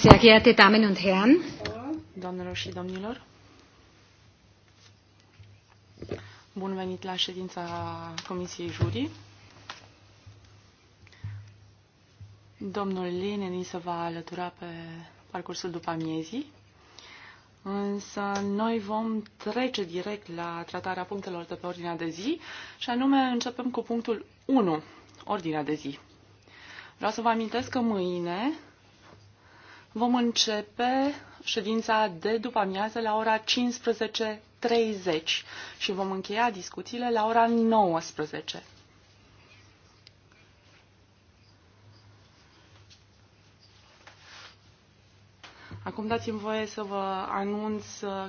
Sehr geehrte Damen und Herren, Doamnelor și domnilor, bun venit la ședința Comisiei Jurii. Domnul Lene ni se va alătura pe parcursul după amiezii, însă noi vom trece direct la tratarea punctelor de pe ordinea de zi și anume începem cu punctul 1, ordinea de zi. Vreau să vă amintesc că mâine Vom începe ședința de după amiază la ora 15.30 și vom încheia discuțiile la ora 19. Acum dați-mi voie să vă anunț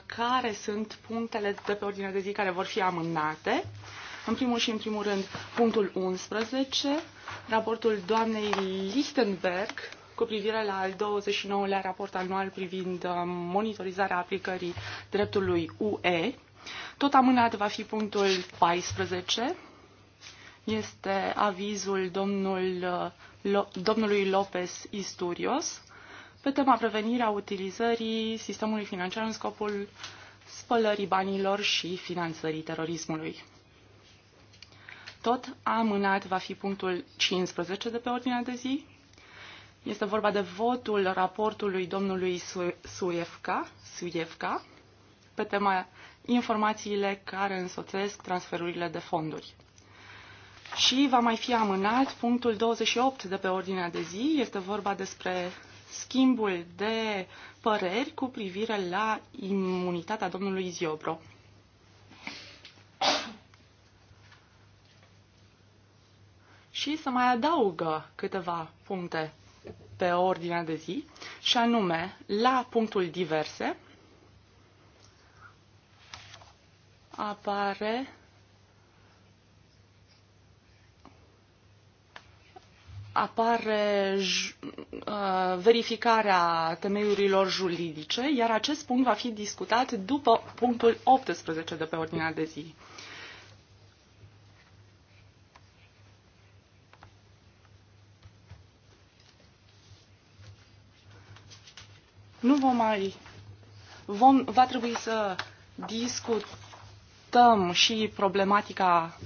care sunt punctele de pe ordinea de zi care vor fi amânate. În primul și în primul rând, punctul 11, raportul doamnei Lichtenberg cu privire la al 29-lea raport anual privind uh, monitorizarea aplicării dreptului UE. Tot amânat va fi punctul 14. Este avizul domnul, uh, domnului Lopez Isturios pe tema prevenirea utilizării sistemului financiar în scopul spălării banilor și finanțării terorismului. Tot amânat va fi punctul 15 de pe ordinea de zi. Este vorba de votul raportului domnului Suievca, Suievca pe tema informațiile care însoțesc transferurile de fonduri. Și va mai fi amânat punctul 28 de pe ordinea de zi. Este vorba despre schimbul de păreri cu privire la imunitatea domnului Ziobro. Și să mai adaugă câteva puncte pe ordinea de zi, și anume la punctul diverse apare apare uh, verificarea temeiurilor juridice, iar acest punct va fi discutat după punctul 18 de pe ordinea de zi. Nu vom mai... Vom, va trebui să discutăm și problematica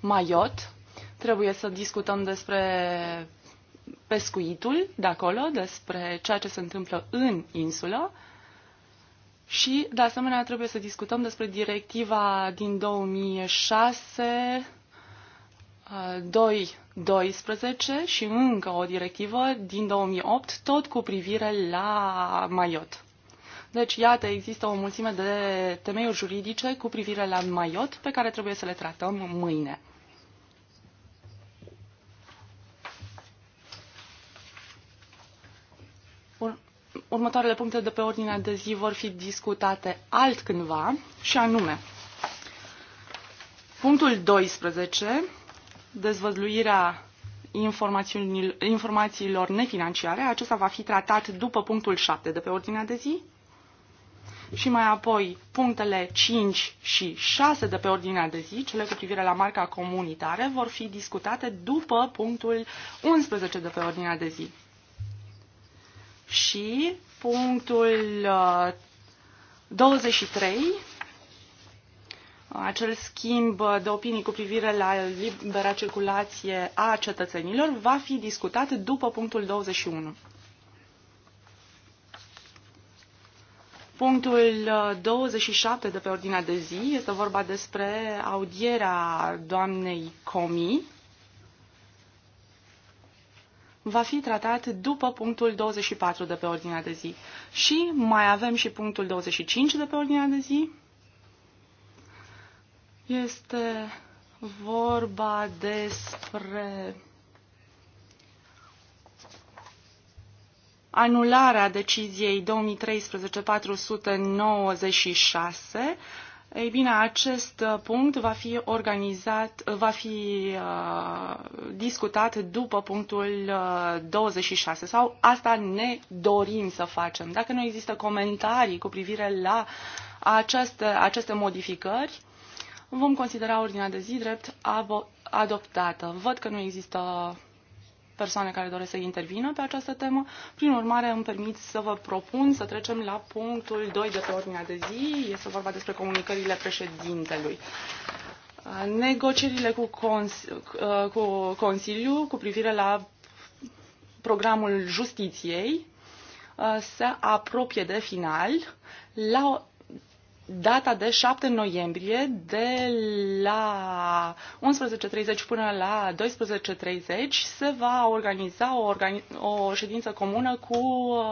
Maiot. Trebuie să discutăm despre pescuitul de acolo, despre ceea ce se întâmplă în insulă. Și, de asemenea, trebuie să discutăm despre directiva din 2006 2.12 și încă o directivă din 2008, tot cu privire la Maiot. Deci, iată, există o mulțime de temeiuri juridice cu privire la Maiot pe care trebuie să le tratăm mâine. următoarele puncte de pe ordinea de zi vor fi discutate altcândva și anume punctul 12 dezvăluirea informațiilor nefinanciare. Acesta va fi tratat după punctul 7 de pe ordinea de zi și mai apoi punctele 5 și 6 de pe ordinea de zi, cele cu privire la marca comunitară, vor fi discutate după punctul 11 de pe ordinea de zi. Și punctul 23 uh, acel schimb de opinii cu privire la libera circulație a cetățenilor va fi discutat după punctul 21. Punctul 27 de pe ordinea de zi este vorba despre audierea doamnei Comi. Va fi tratat după punctul 24 de pe ordinea de zi. Și mai avem și punctul 25 de pe ordinea de zi este vorba despre anularea deciziei 2013-496. Ei bine, acest punct va fi organizat, va fi uh, discutat după punctul uh, 26 sau asta ne dorim să facem. Dacă nu există comentarii cu privire la aceste, aceste modificări, vom considera ordinea de zi drept adoptată. Văd că nu există persoane care doresc să intervină pe această temă. Prin urmare, îmi permit să vă propun să trecem la punctul 2 de pe ordinea de zi. Este vorba despre comunicările președintelui. Negocierile cu, cons- cu Consiliu cu privire la programul justiției uh, se apropie de final. La data de 7 noiembrie de la 11.30 până la 12.30 se va organiza o, organi- o ședință comună cu uh,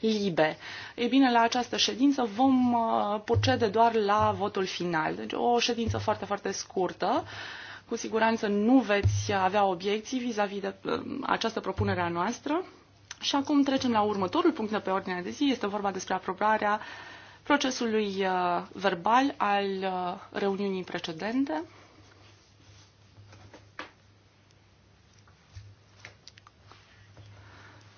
LIBE. Ei bine, la această ședință vom uh, procede doar la votul final. Deci o ședință foarte, foarte scurtă. Cu siguranță nu veți avea obiecții vis-a-vis -vis de uh, această propunere a noastră. Și acum trecem la următorul punct de pe ordinea de zi. Este vorba despre aprobarea uh, procesului uh, verbal al uh, reuniunii precedente.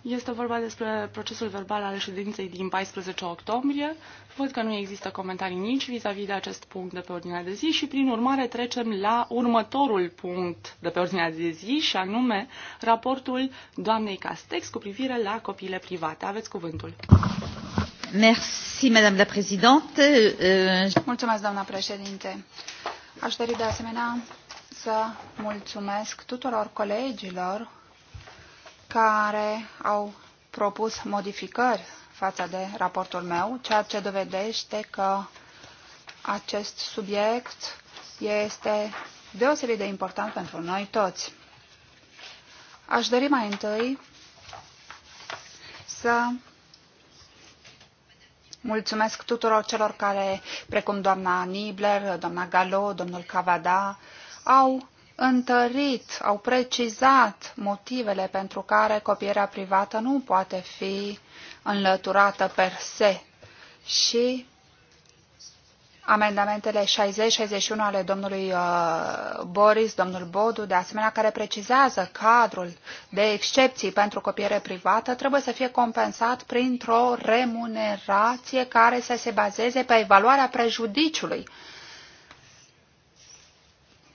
Este vorba despre procesul verbal al ședinței din 14 octombrie. Văd că nu există comentarii nici vis-a-vis -vis de acest punct de pe ordinea de zi și, prin urmare, trecem la următorul punct de pe ordinea de zi și anume raportul doamnei Castex cu privire la copiile private. Aveți cuvântul. Euh, euh, mulțumesc, doamna președinte. Aș dori de asemenea să mulțumesc tuturor colegilor care au propus modificări față de raportul meu, ceea ce dovedește că acest subiect este deosebit de important pentru noi toți. Aș dori mai întâi să Mulțumesc tuturor celor care, precum doamna Nibler, doamna Galo, domnul Cavada, au întărit, au precizat motivele pentru care copierea privată nu poate fi înlăturată per se și amendamentele 60-61 ale domnului uh, Boris, domnul Bodu, de asemenea, care precizează cadrul de excepții pentru copiere privată, trebuie să fie compensat printr-o remunerație care să se bazeze pe evaluarea prejudiciului.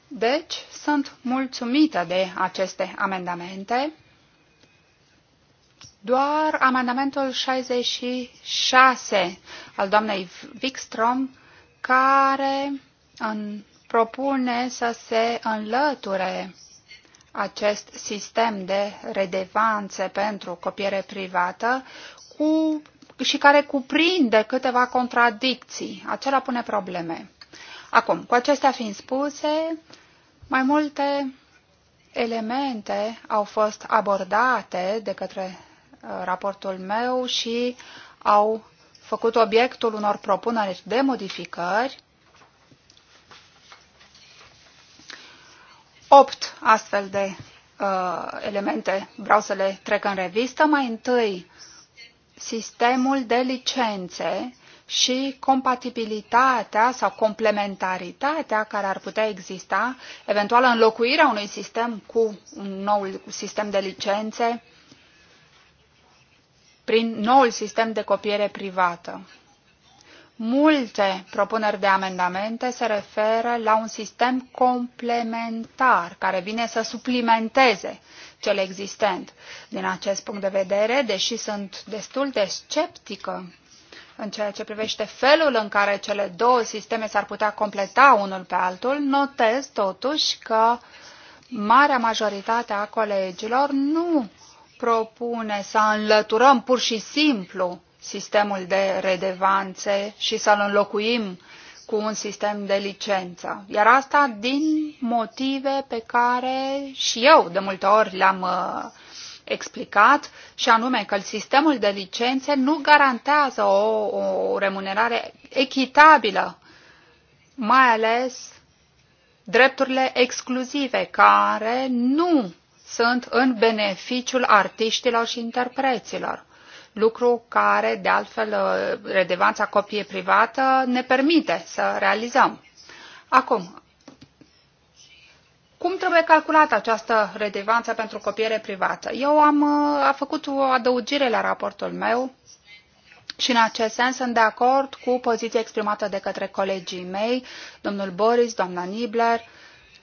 Deci, sunt mulțumită de aceste amendamente. Doar amendamentul 66 al doamnei Wikstrom care în, propune să se înlăture acest sistem de redevanțe pentru copiere privată cu, și care cuprinde câteva contradicții. Acela pune probleme. Acum, cu acestea fiind spuse, mai multe elemente au fost abordate de către uh, raportul meu și au făcut obiectul unor propuneri de modificări. Opt astfel de uh, elemente vreau să le trec în revistă. Mai întâi, sistemul de licențe și compatibilitatea sau complementaritatea care ar putea exista, eventual înlocuirea unui sistem cu un nou sistem de licențe prin noul sistem de copiere privată. Multe propuneri de amendamente se referă la un sistem complementar care vine să suplimenteze cel existent. Din acest punct de vedere, deși sunt destul de sceptică în ceea ce privește felul în care cele două sisteme s-ar putea completa unul pe altul, notez totuși că marea majoritate a colegilor nu propune să înlăturăm pur și simplu sistemul de redevanțe și să-l înlocuim cu un sistem de licență. Iar asta din motive pe care și eu de multe ori le-am uh, explicat, și anume că sistemul de licențe nu garantează o, o remunerare echitabilă, mai ales drepturile exclusive, care nu sunt în beneficiul artiștilor și interpreților. Lucru care, de altfel, uh, redevanța copie privată ne permite să realizăm. Acum, cum trebuie calculată această redevanță pentru copiere privată? Eu am uh, a făcut o adăugire la raportul meu și în acest sens sunt de acord cu poziția exprimată de către colegii mei, domnul Boris, doamna Nibler,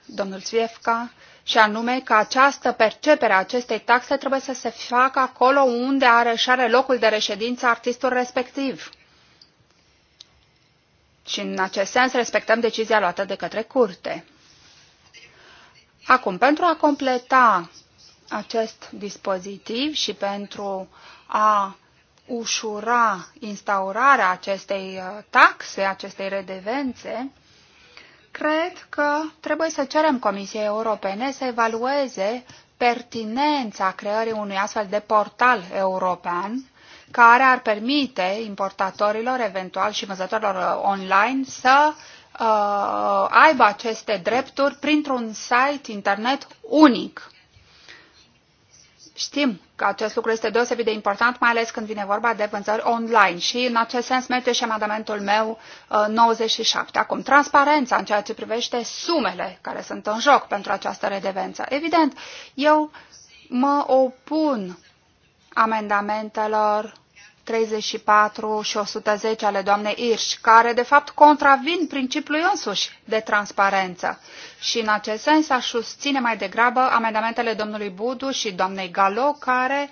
domnul Sviefka și anume că această percepere a acestei taxe trebuie să se facă acolo unde are și are locul de reședință artistul respectiv. Și în acest sens respectăm decizia luată de către curte. Acum, pentru a completa acest dispozitiv și pentru a ușura instaurarea acestei uh, taxe, acestei redevențe, Cred că trebuie să cerem Comisiei Europene să evalueze pertinența creării unui astfel de portal european care ar permite importatorilor eventual și vânzătorilor online să uh, aibă aceste drepturi printr-un site internet unic. Știm că acest lucru este deosebit de important, mai ales când vine vorba de vânzări online și în acest sens merge și amendamentul meu 97. Uh, Acum, transparența în ceea ce privește sumele care sunt în joc pentru această redevență. Evident, eu mă opun amendamentelor 34 și 110 ale doamnei Irș, care de fapt contravin principiului însuși de transparență. Și în acest sens aș susține mai degrabă amendamentele domnului Budu și doamnei Galo, care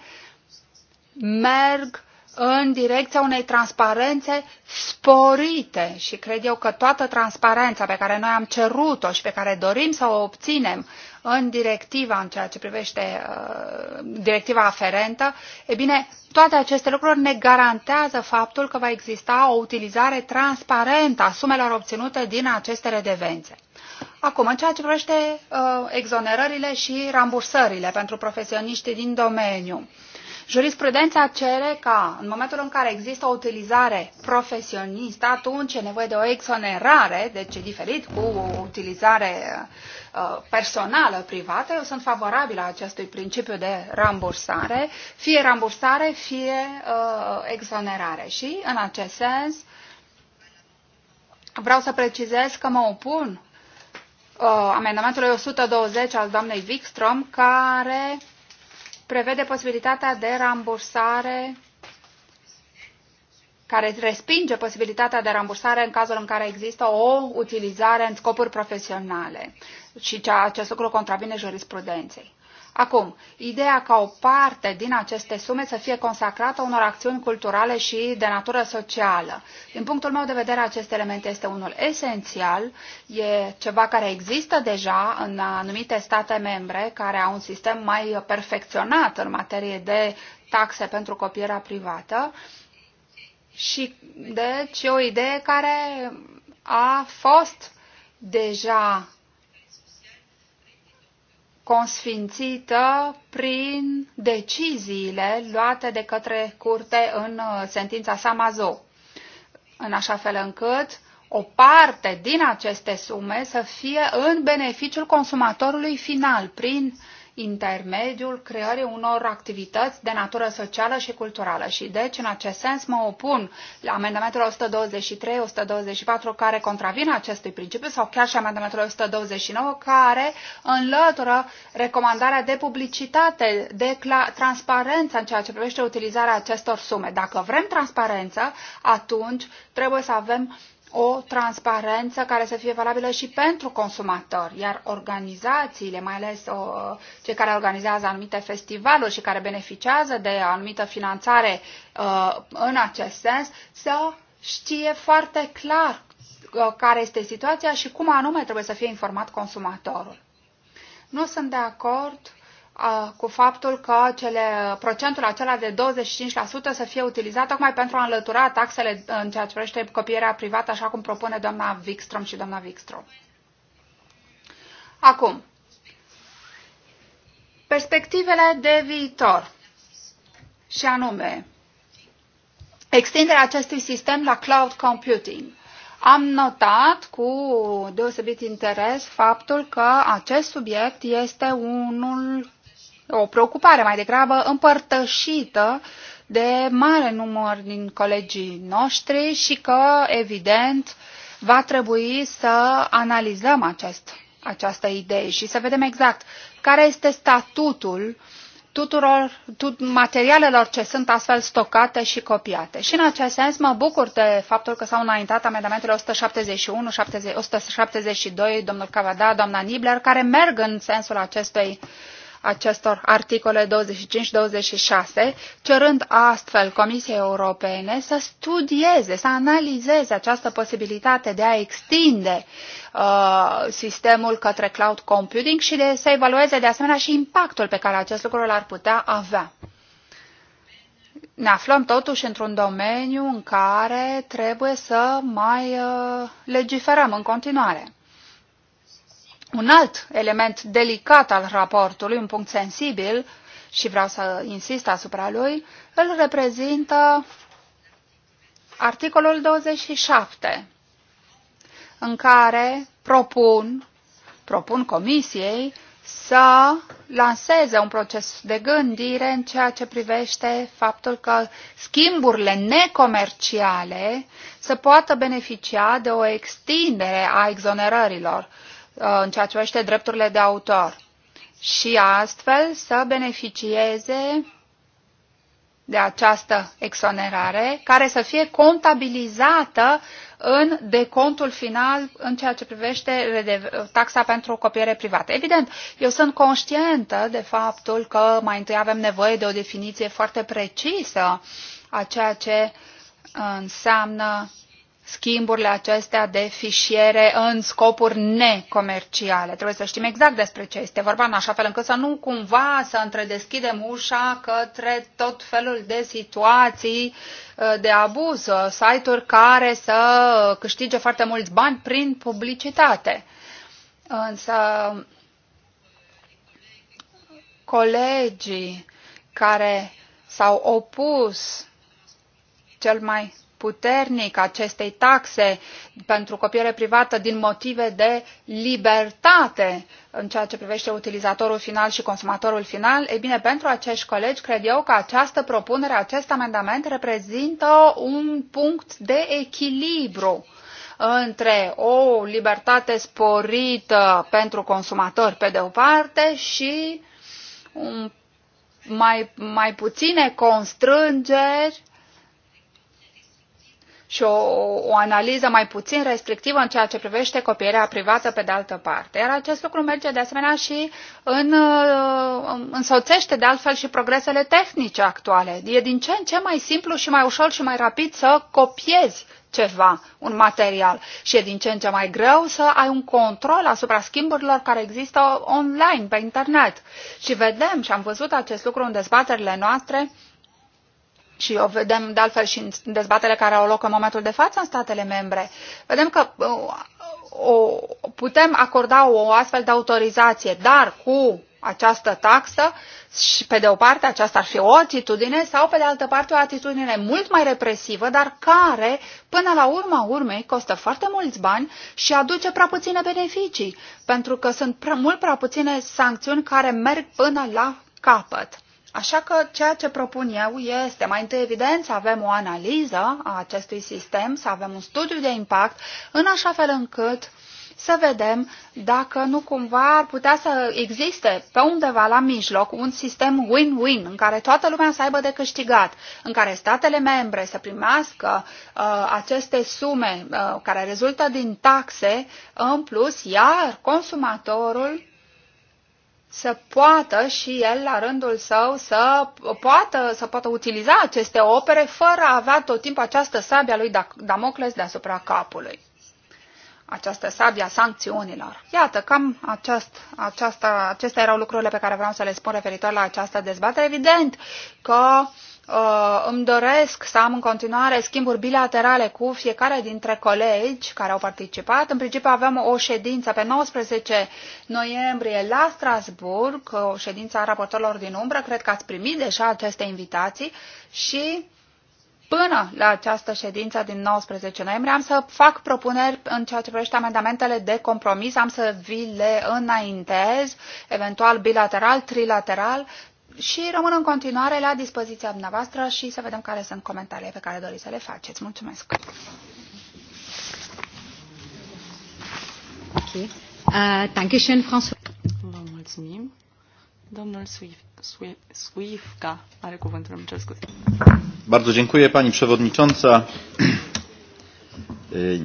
merg în direcția unei transparențe sporite și cred eu că toată transparența pe care noi am cerut-o și pe care dorim să o obținem în directiva în ceea ce privește uh, directiva aferentă, e bine, toate aceste lucruri ne garantează faptul că va exista o utilizare transparentă a sumelor obținute din aceste redevențe. Acum, în ceea ce privește uh, exonerările și rambursările pentru profesioniștii din domeniu, Jurisprudența cere ca, în momentul în care există o utilizare profesionistă, atunci e nevoie de o exonerare, deci e diferit cu o utilizare uh, personală, privată. Eu sunt favorabilă acestui principiu de rambursare, fie rambursare, fie uh, exonerare. Și, în acest sens, vreau să precizez că mă opun uh, amendamentului 120 al doamnei Wikström, care prevede posibilitatea de rambursare care respinge posibilitatea de rambursare în cazul în care există o utilizare în scopuri profesionale și acest lucru contravine jurisprudenței. Acum, ideea ca o parte din aceste sume să fie consacrată unor acțiuni culturale și de natură socială. Din punctul meu de vedere, acest element este unul esențial, e ceva care există deja în anumite state membre care au un sistem mai perfecționat în materie de taxe pentru copierea privată și deci e o idee care a fost deja consfințită prin deciziile luate de către curte în uh, sentința Samazo, în așa fel încât o parte din aceste sume să fie în beneficiul consumatorului final, prin uh, intermediul creării unor activități de natură socială și culturală. Și deci, în acest sens, mă opun la amendamentul 123, 124, care contravin acestui principiu, sau chiar și amendamentul 129, care înlătură recomandarea de publicitate, de transparență în ceea ce privește utilizarea acestor sume. Dacă vrem transparență, atunci trebuie să avem o transparență care să fie valabilă și pentru consumatori, iar organizațiile, mai ales o, cei care organizează anumite festivaluri și care beneficiază de anumită finanțare uh, în acest sens, să știe foarte clar ă, care este situația și cum anume trebuie să fie informat consumatorul. Nu sunt de acord cu faptul că cele, procentul acela de 25% să fie utilizat tocmai pentru a înlătura taxele uh, în ceea ce privește copierea privată, așa cum propune doamna Wikström și doamna Wikström. Acum, perspectivele de viitor și anume extinderea acestui sistem la cloud computing. Am notat cu deosebit interes faptul că acest subiect este unul o preocupare mai degrabă împărtășită de mare număr din colegii noștri și că, evident, va trebui să analizăm acest, această idee și să vedem exact care este statutul tuturor tut, materialelor ce sunt astfel stocate și copiate. Și în acest sens mă bucur de faptul că s-au înaintat amendamentele 171, 70, 172, domnul Cavada, doamna Nibler, care merg în sensul acestei uh, acestor articole 25-26, cerând astfel Comisiei Europene să studieze, să analizeze această posibilitate de a extinde uh, sistemul către cloud computing și de, să evalueze de asemenea și impactul pe care acest lucru l-ar putea avea. Ne aflăm totuși într-un domeniu în care trebuie să mai uh, legiferăm în continuare. Un alt element delicat al raportului, un punct sensibil, și vreau să insist asupra lui, îl reprezintă articolul 27, în care propun, propun comisiei să lanseze un proces de gândire în ceea ce privește faptul că schimburile necomerciale să poată beneficia de o extindere a exonerărilor Uh, în ceea ce privește drepturile de autor și astfel să beneficieze de această exonerare, care să fie contabilizată în decontul final în ceea ce privește taxa pentru copiere privată. Evident, eu sunt conștientă de faptul că mai întâi avem nevoie de o definiție foarte precisă a ceea ce înseamnă schimburile acestea de fișiere în scopuri necomerciale. Trebuie să știm exact despre ce este vorba, în așa fel încât să nu cumva să întredeschidem ușa către tot felul de situații uh, de abuz, uh, site-uri care să câștige foarte mulți bani prin publicitate. Însă colegii care s-au opus cel mai puternic acestei taxe pentru copiere privată din motive de libertate în ceea ce privește utilizatorul final și consumatorul final, e bine, pentru acești colegi cred eu că această propunere, acest amendament reprezintă un punct de echilibru între o libertate sporită pentru consumatori pe de o parte și un mai, mai puține constrângeri și o, o analiză mai puțin restrictivă în ceea ce privește copierea privată pe de altă parte. Iar acest lucru merge de asemenea și în, uh, însoțește de altfel și progresele tehnice actuale. E din ce în ce mai simplu și mai ușor și mai rapid să copiezi ceva, un material. Și e din ce în ce mai greu să ai un control asupra schimburilor care există online, pe internet. Și vedem, și am văzut acest lucru în dezbaterile noastre, uh, și o vedem de altfel și în dezbatele care au loc în momentul de față în statele membre, vedem că uh, o, putem acorda o astfel de autorizație, dar cu această taxă și, pe de o parte, aceasta ar fi o atitudine sau, pe de altă parte, o atitudine mult mai represivă, dar care, până la urma urmei, costă foarte mulți bani și aduce prea puține beneficii, pentru că sunt prea, mult prea puține sancțiuni care merg până la capăt. Așa că ceea ce propun eu este, mai întâi evident, să avem o analiză a acestui sistem, să avem un studiu de impact, în așa fel încât să vedem dacă nu cumva ar putea să existe pe undeva la mijloc un sistem win-win în care toată lumea să aibă de câștigat, în care statele membre să primească uh, aceste sume uh, care rezultă din taxe, în plus, iar consumatorul să poată și el la rândul său să poată, să poată utiliza aceste opere fără a avea tot timpul această sabia lui Damocles deasupra capului. Această sabia sancțiunilor. Iată, cam aceast, aceasta, acestea erau lucrurile pe care vreau să le spun referitor la această dezbatere. Evident că uh, Uh, îmi doresc să am în continuare schimburi bilaterale cu fiecare dintre colegi care au participat. În principiu avem o ședință pe 19 noiembrie la Strasburg, o ședință a raportorilor din umbră. Cred că ați primit deja aceste invitații și până la această ședință din 19 noiembrie am să fac propuneri în ceea ce privește amendamentele de compromis, am să vi le înaintez, eventual bilateral, trilateral, și rămân în continuare la dispoziția dumneavoastră și să vedem care sunt comentariile pe care doriți să le faceți. Mulțumesc! Okay. Uh, Vă mulțumim. Domnul Swift, Swift, Swiftka are cuvântul, îmi cer scuze. Bardzo dziękuję Pani Przewodnicząca.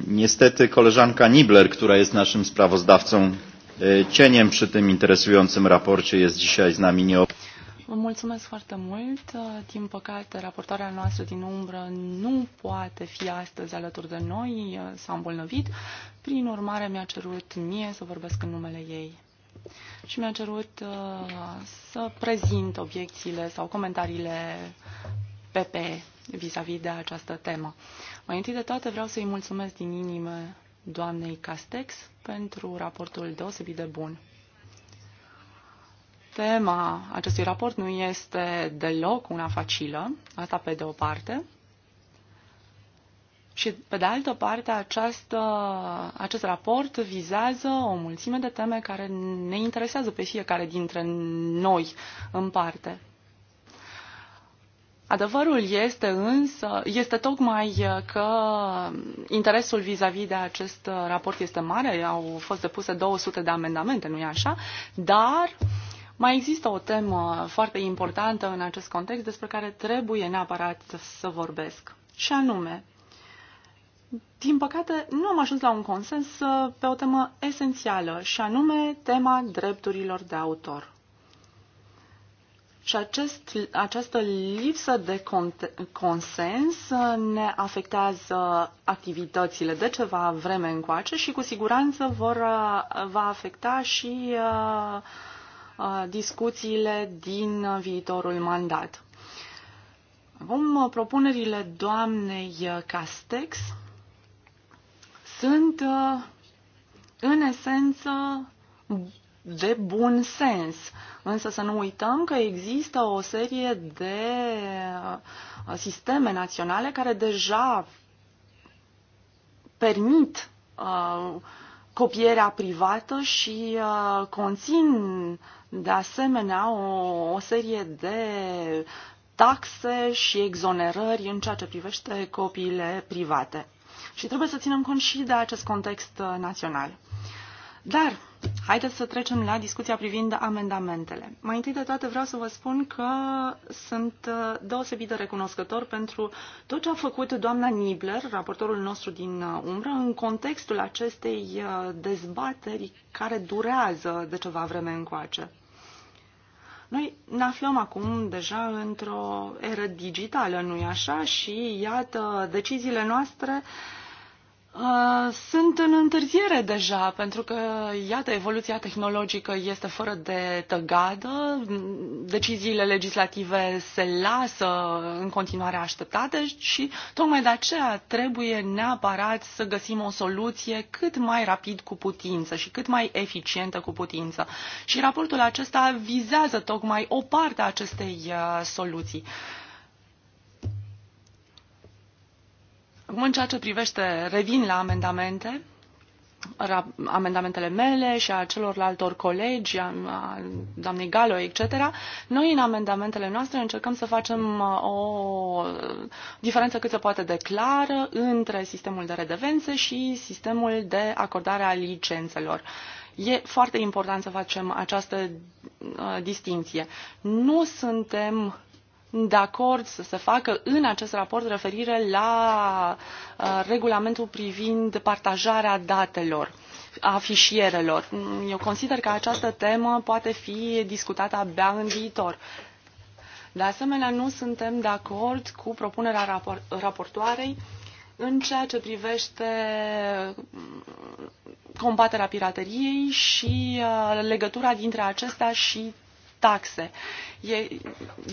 Niestety koleżanka Nibler, która jest naszym sprawozdawcą cieniem przy tym interesującym raporcie, jest dzisiaj z nami nieobecna. Vă mulțumesc foarte mult. Din păcate, raportarea noastră din umbră nu poate fi astăzi alături de noi, s-a îmbolnăvit. Prin urmare, mi-a cerut mie să vorbesc în numele ei și mi-a cerut uh, să prezint obiecțiile sau comentariile PP vis-a-vis -vis de această temă. Mai întâi de toate vreau să-i mulțumesc din inimă doamnei Castex pentru raportul deosebit de bun. Tema acestui raport nu este deloc una facilă, asta pe de o parte. Și pe de altă parte, această, acest raport vizează o mulțime de teme care ne interesează pe fiecare dintre noi în parte. Adevărul este însă, este tocmai că interesul vis-a-vis -vis de acest raport este mare, au fost depuse 200 de amendamente, nu-i așa, dar uh, mai există o temă foarte importantă în acest context despre care trebuie neapărat să vorbesc, și anume, din păcate, nu am ajuns la un consens uh, pe o temă esențială, și anume tema drepturilor de autor. Și acest, această lipsă de consens uh, ne afectează activitățile de ceva vreme încoace și cu siguranță vor, uh, va afecta și uh, Uh, discuțiile din viitorul mandat. Vom uh, propunerile doamnei uh, Castex sunt în esență de bun sens. Însă să nu uităm că există o serie de sisteme naționale care deja permit copierea privată și conțin de asemenea o, o serie de taxe și exonerări în ceea ce privește copiile private. Și trebuie să ținem cont și de acest context uh, național. Dar haideți să trecem la discuția privind amendamentele. Mai întâi de toate vreau să vă spun că sunt uh, deosebit de recunoscător pentru tot ce a făcut doamna Nibler, raportorul nostru din uh, umbră, în contextul acestei dezbateri care durează de ceva vreme încoace. Noi ne aflăm acum deja într-o eră digitală, nu-i așa? Și iată, deciziile noastre uh, Uh, sunt în întârziere deja, pentru că, iată, evoluția tehnologică este fără de tăgadă, deciziile legislative se lasă în continuare așteptate și tocmai de aceea trebuie neapărat să găsim o soluție cât mai rapid cu putință și cât mai eficientă cu putință. Și raportul acesta vizează tocmai o parte a acestei uh, soluții. Uh, Acum, în ceea ce privește, revin la amendamente, amendamentele mele și a celorlaltor colegi, a, doamnei Galo, etc., noi în amendamentele noastre încercăm să facem uh, o diferență cât se poate de clară între sistemul de redevențe și sistemul de acordare a licențelor. E foarte important să facem această uh, distinție. Nu suntem de acord să se facă în acest raport referire la uh, regulamentul privind partajarea datelor a fișierelor. Mm, eu consider că această temă poate fi discutată abia în viitor. De asemenea, nu suntem de acord cu propunerea rapor raportoarei în ceea ce privește mm, combaterea pirateriei și uh, legătura dintre acestea și taxe. E,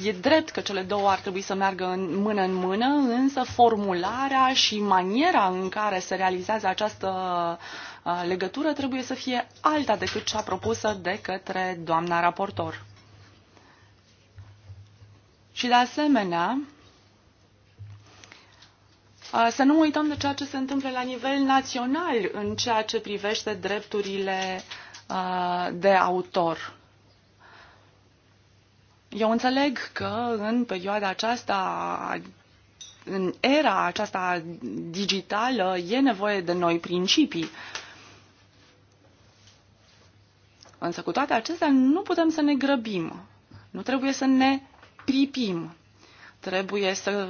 e drept că cele două ar trebui să meargă în, mână în mână, însă formularea și maniera în care se realizează această uh, legătură trebuie să fie alta decât cea propusă de către doamna raportor. Și de asemenea, uh, să nu uităm de ceea ce se întâmplă la nivel național în ceea ce privește drepturile uh, de autor. Eu înțeleg că în perioada aceasta, în era aceasta digitală, e nevoie de noi principii. Însă cu toate acestea nu putem să ne grăbim. Nu trebuie să ne pripim. Trebuie să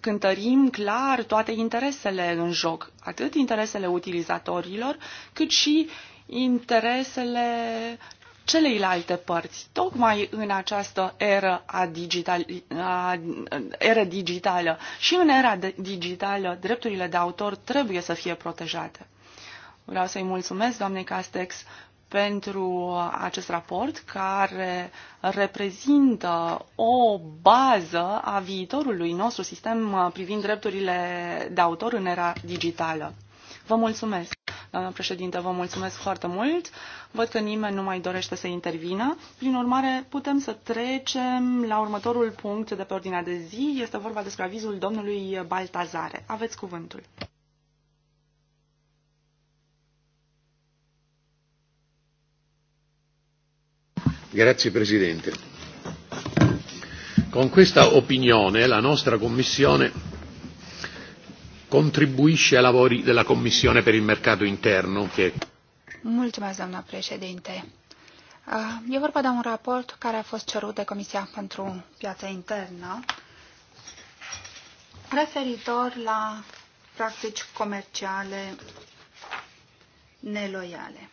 cântărim clar toate interesele în joc, atât interesele utilizatorilor, cât și interesele celeilalte părți, tocmai în această eră, a digital, a, eră digitală. Și în era digitală, drepturile de autor trebuie să fie protejate. Vreau să-i mulțumesc doamnei Castex pentru acest raport care reprezintă o bază a viitorului nostru sistem privind drepturile de autor în era digitală. Vă mulțumesc, doamna președinte, vă mulțumesc foarte mult. Văd că nimeni nu mai dorește să intervină. Prin urmare, putem să trecem la următorul punct de pe ordinea de zi. Este vorba despre avizul domnului Baltazare. Aveți cuvântul. Grazie Presidente. Con questa opinione la nostra Commissione contribuisce ai lavori della Commissione per il mercato interno. Che... Mulțumesc, doamna președinte. Uh, e vorba de un raport care a fost cerut de Comisia pentru Piața Internă referitor la practici comerciale neloiale.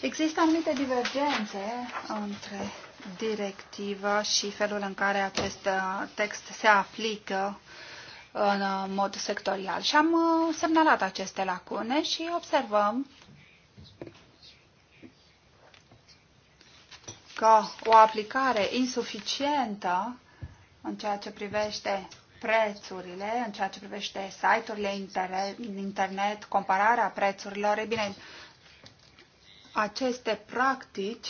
Există anumite divergențe între directivă și felul în care acest uh, text se aplică în uh, mod sectorial. Și am uh, semnalat aceste lacune și observăm că o aplicare insuficientă în ceea ce privește prețurile, în ceea ce privește site-urile internet, compararea prețurilor, e bine, aceste practici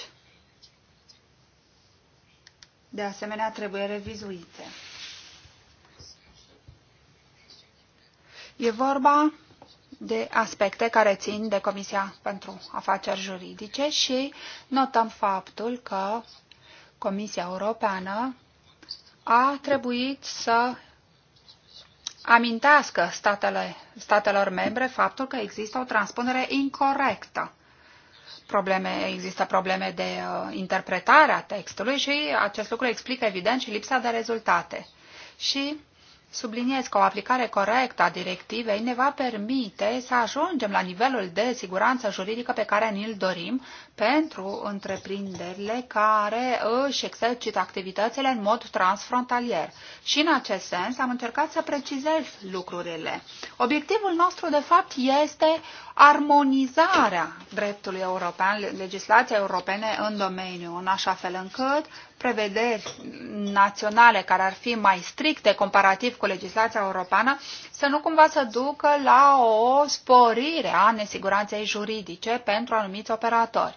de asemenea trebuie revizuite. E vorba de aspecte care țin de Comisia pentru Afaceri Juridice și notăm faptul că Comisia Europeană a trebuit să amintească statele, statelor membre faptul că există o transpunere incorrectă probleme, există probleme de uh, interpretare a textului și acest lucru explică evident și lipsa de rezultate. Și Subliniez că o aplicare corectă a directivei ne va permite să ajungem la nivelul de siguranță juridică pe care ni-l dorim pentru întreprinderile care își exercită activitățile în mod transfrontalier. Și în acest sens am încercat să precizez lucrurile. Obiectivul nostru, de fapt, este armonizarea dreptului european, legislația europene în domeniu, în așa fel încât prevederi naționale care ar fi mai stricte comparativ cu legislația europeană să nu cumva să ducă la o sporire a nesiguranței juridice pentru anumiți operatori.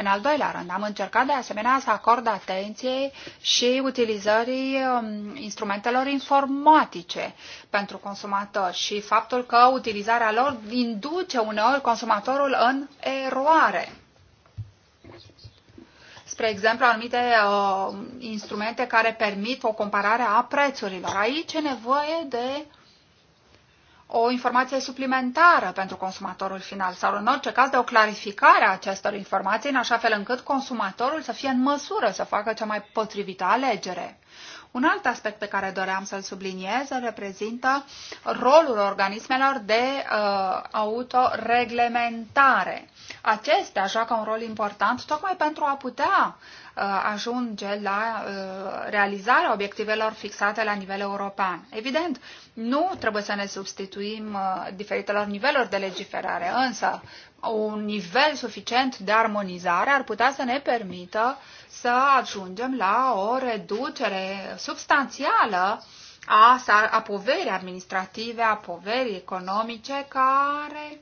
În al doilea rând, am încercat de asemenea să acord atenție și utilizării um, instrumentelor informatice pentru consumatori și faptul că utilizarea lor induce uneori consumatorul în eroare spre exemplu, anumite uh, instrumente care permit o comparare a prețurilor. Aici e nevoie de o informație suplimentară pentru consumatorul final sau în orice caz de o clarificare a acestor informații în așa fel încât consumatorul să fie în măsură să facă cea mai potrivită alegere. Un alt aspect pe care doream să-l subliniez reprezintă rolul organismelor de uh, autoreglementare. Acestea joacă un rol important tocmai pentru a putea Uh, ajunge la uh, realizarea obiectivelor fixate la nivel european. Evident, nu trebuie să ne substituim uh, diferitelor niveluri de legiferare, însă un nivel suficient de armonizare ar putea să ne permită să ajungem la o reducere substanțială a, a poverii administrative, a poverii economice care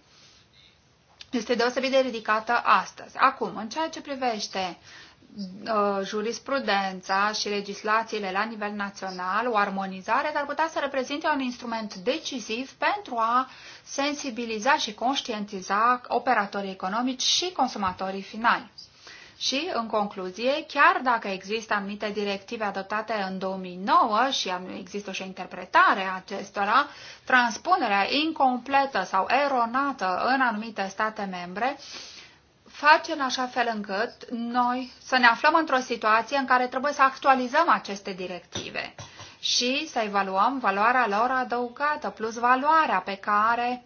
este deosebit de ridicată astăzi. Acum, în ceea ce privește uh, Uh, jurisprudența și legislațiile la nivel național, o armonizare, dar putea să reprezinte un instrument decisiv pentru a sensibiliza și conștientiza operatorii economici și consumatorii finali. Și, în concluzie, chiar dacă există anumite directive adoptate în 2009 și există și o interpretare a acestora, transpunerea incompletă sau eronată în anumite state membre face în așa fel încât noi să ne aflăm într-o situație în care trebuie să actualizăm aceste directive și să evaluăm valoarea lor adăugată, plus valoarea pe care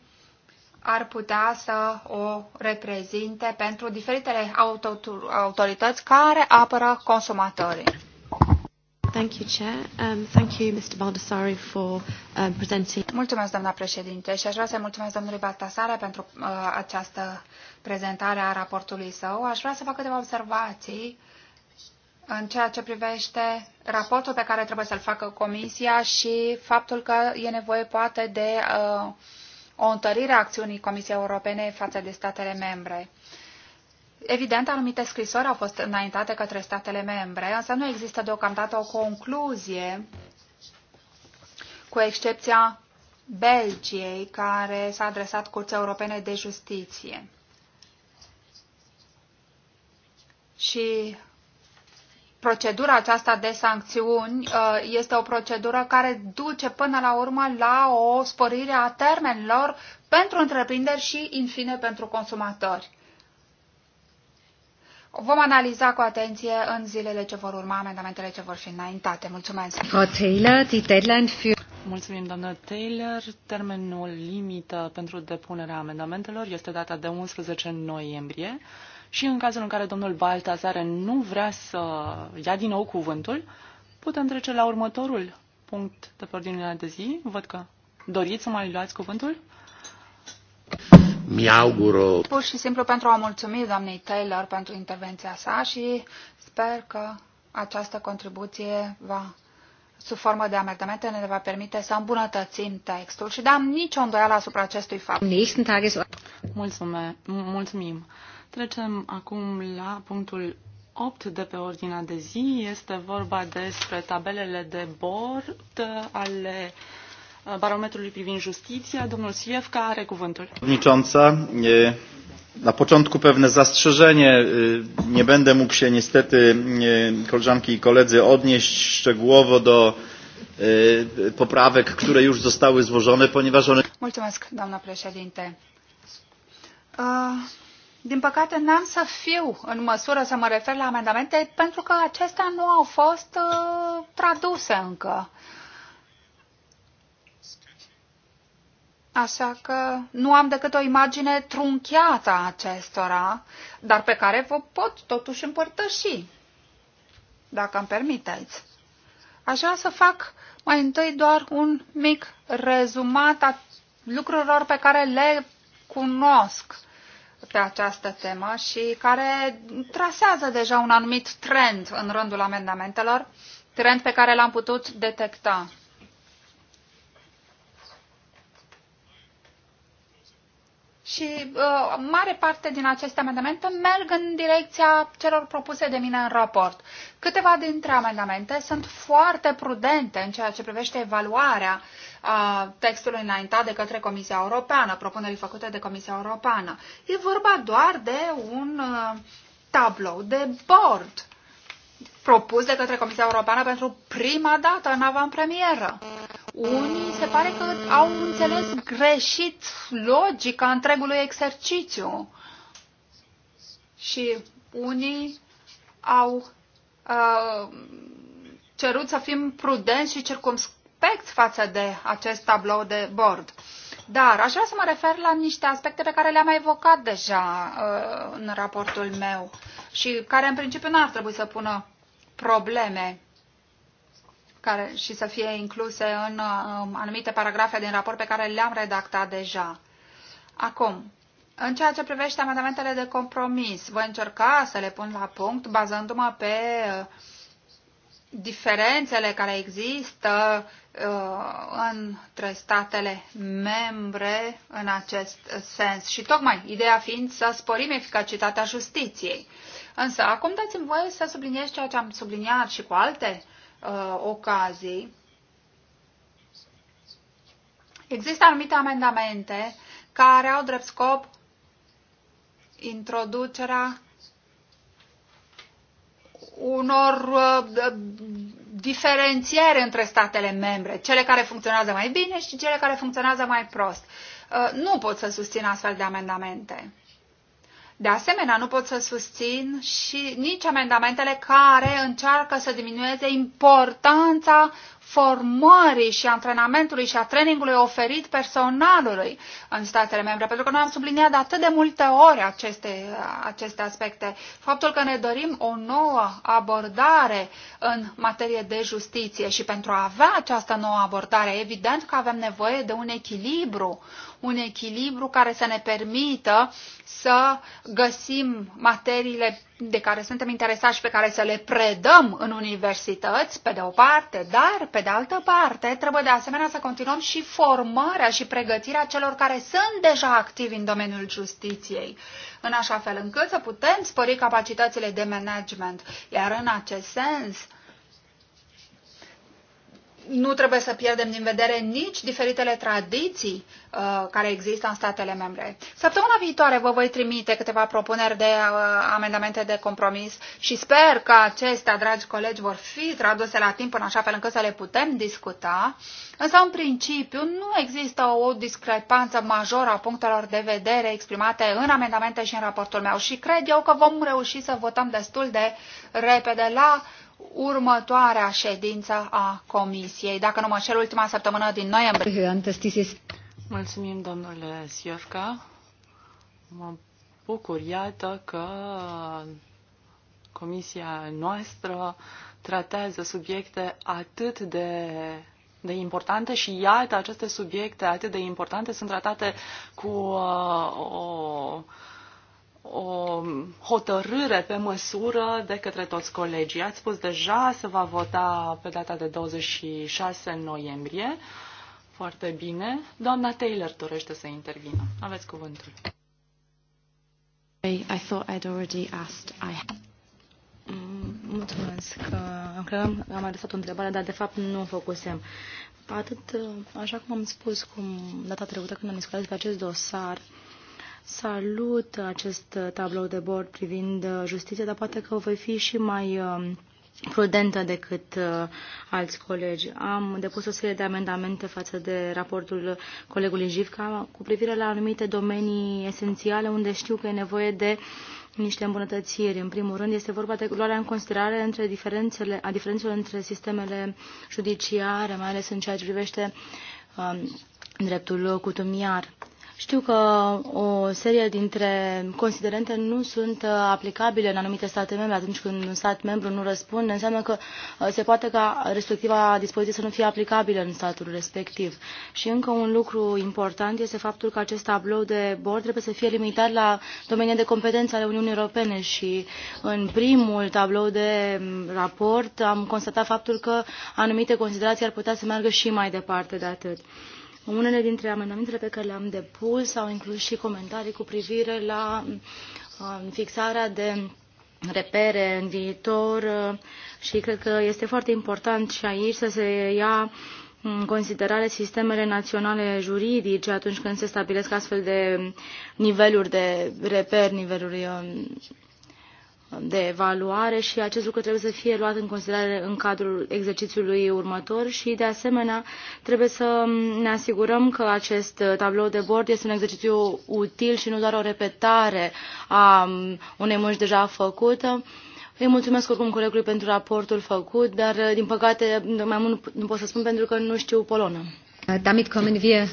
ar putea să o reprezinte pentru diferitele autorități care apără consumatorii. Thank you, Chair. Um, thank you, Mr. for um, presenting. Mulțumesc, doamna președinte, și aș vrea să mulțumesc domnului Baltasare pentru uh, această prezentare a raportului său. Aș vrea să fac câteva observații în ceea ce privește raportul pe care trebuie să-l facă Comisia și faptul că e nevoie poate de uh, o întărire a acțiunii Comisiei Europene față de statele membre. Evident, anumite scrisori au fost înaintate către statele membre, însă nu există deocamdată o concluzie, cu excepția Belgiei, care s-a adresat Curții Europene de Justiție. Și procedura aceasta de sancțiuni uh, este o procedură care duce până la urmă la o sporire a termenilor pentru întreprinderi și, în fine, pentru consumatori. Vom analiza cu atenție în zilele ce vor urma amendamentele ce vor fi înaintate. Mulțumesc! Mulțumim, doamnă Taylor. Termenul limită pentru depunerea amendamentelor este data de 11 noiembrie și în cazul în care domnul Baltazare nu vrea să ia din nou cuvântul, putem trece la următorul punct de pe ordinea de zi. Văd că doriți să mai luați cuvântul mi auguro... Pur și simplu pentru a mulțumi doamnei Taylor pentru intervenția sa și sper că această contribuție va sub formă de amendamente ne va permite să îmbunătățim textul și dăm nicio îndoială asupra acestui fapt. Mulțumim. Mulțumim. Trecem acum la punctul 8 de pe ordinea de zi. Este vorba despre tabelele de bord ale uh, barometrului privind justiția. Domnul Siewka are cuvântul. Przewodnicząca, na początku pewne zastrzeżenie. Nie będę mógł się niestety, koleżanki i koledzy, odnieść szczegółowo do poprawek, które już zostały złożone, ponieważ one... Mulțumesc, doamna președinte. Din păcate, n-am să fiu în măsură să mă refer la amendamente pentru că acestea nu au fost uh, traduse încă. Uh, Așa că nu am decât o imagine trunchiată a acestora, dar pe care vă pot totuși împărtăși, dacă îmi permiteți. Aș vrea să fac mai întâi doar un mic rezumat a lucrurilor pe care le cunosc pe această temă și care trasează deja un anumit trend în rândul amendamentelor, trend pe care l-am putut detecta. și uh, mare parte din aceste amendamente merg în direcția celor propuse de mine în raport. Câteva dintre amendamente sunt foarte prudente în ceea ce privește evaluarea a uh, textului înaintat de către Comisia Europeană, propunerii făcute de Comisia Europeană. E vorba doar de un uh, tablou de bord propus de către Comisia Europeană pentru prima dată în avantpremieră. premieră unii se pare că au înțeles greșit logica întregului exercițiu și unii au uh, cerut să fim prudenți și circumspecți față de acest tablou de bord. Dar aș vrea să mă refer la niște aspecte pe care le-am evocat deja uh, în raportul meu și care în principiu n-ar trebui să pună probleme care, și să fie incluse în um, anumite paragrafe din raport pe care le-am redactat deja. Acum, în ceea ce privește amendamentele de compromis, voi încerca să le pun la punct bazându-mă pe uh, diferențele care există uh, între statele membre în acest sens și tocmai ideea fiind să sporim eficacitatea justiției. Însă, acum dați-mi voie să subliniez ceea ce am subliniat și cu alte uh, uh, ocazii. Există anumite amendamente care au drept scop introducerea unor uh, diferențiere între statele membre, cele care funcționează mai bine și cele care funcționează mai prost. Uh, nu pot să susțin astfel de amendamente. De asemenea, nu pot să susțin și nici amendamentele care încearcă să diminueze importanța formării și antrenamentului și a trainingului oferit personalului în statele membre, pentru că noi am subliniat de atât de multe ori aceste, aceste aspecte. Faptul că ne dorim o nouă abordare în materie de justiție și pentru a avea această nouă abordare, evident că avem nevoie de un echilibru, un echilibru care să ne permită să găsim materiile de care suntem interesați și pe care să le predăm în universități, pe de o parte, dar, pe de altă parte, trebuie de asemenea să continuăm și formarea și pregătirea celor care sunt deja activi în domeniul justiției, în așa fel încât să putem spori capacitățile de management. Iar în acest sens, nu trebuie să pierdem din vedere nici diferitele tradiții uh, care există în statele membre. Săptămâna viitoare vă voi trimite câteva propuneri de uh, amendamente de compromis și sper că acestea, dragi colegi, vor fi traduse la timp în așa fel încât să le putem discuta. Însă, în principiu, nu există o discrepanță majoră a punctelor de vedere exprimate în amendamente și în raportul meu și cred eu că vom reuși să votăm destul de repede la uh, următoarea ședință a Comisiei, dacă nu mă șel, ultima săptămână din noiembrie. Mulțumim, domnule Siorca. Mă bucur, iată, că Comisia noastră tratează subiecte atât de de importante și iată aceste subiecte atât de importante sunt tratate cu uh, o o hotărâre pe măsură de către toți colegii. Ați spus deja, se va vota pe data de 26 noiembrie. Foarte bine. Doamna Taylor dorește să intervină. Aveți cuvântul. I thought I'd already asked. I... Mm, mulțumesc. Că am, am adresat o întrebare, dar de fapt nu o făcusem. Atât, așa cum am spus cum data trecută când am discutat despre acest dosar, uh, Salut acest tablou de bord privind uh, justiția, dar poate că voi fi și mai um, prudentă decât uh, alți colegi. Am depus o serie de amendamente față de raportul colegului Jivca cu privire la anumite domenii esențiale unde știu că e nevoie de niște îmbunătățiri. În primul rând, este vorba de luarea în considerare între diferențele, a diferențelor între sistemele judiciare, mai ales în ceea ce privește uh, dreptul cutumiar. Știu că o serie dintre considerente nu sunt uh, aplicabile în anumite state membre. Atunci când un stat membru nu răspunde, înseamnă că uh, se poate ca respectiva dispoziție să nu fie aplicabilă în statul respectiv. Și încă un lucru important este faptul că acest tablou de bord trebuie să fie limitat la domenii de competență ale Uniunii Europene și în primul tablou de mm, raport am constatat faptul că anumite considerații ar putea să meargă și mai departe de atât. Unele dintre amendamentele pe care le-am depus au inclus și comentarii cu privire la uh, fixarea de repere în viitor uh, și cred că este foarte important și aici să se ia în considerare sistemele naționale juridice atunci când se stabilesc astfel de niveluri de reper, niveluri um, de evaluare și acest lucru trebuie să fie luat în considerare în cadrul exercițiului următor și, de asemenea, trebuie să ne asigurăm că acest tablou de bord este un exercițiu util și nu doar o repetare a um, unei munci deja făcută. Îi mulțumesc oricum colegului pentru raportul făcut, dar, uh, din păcate, mai mult nu pot să spun pentru că nu știu polonă. Damit kommen vie.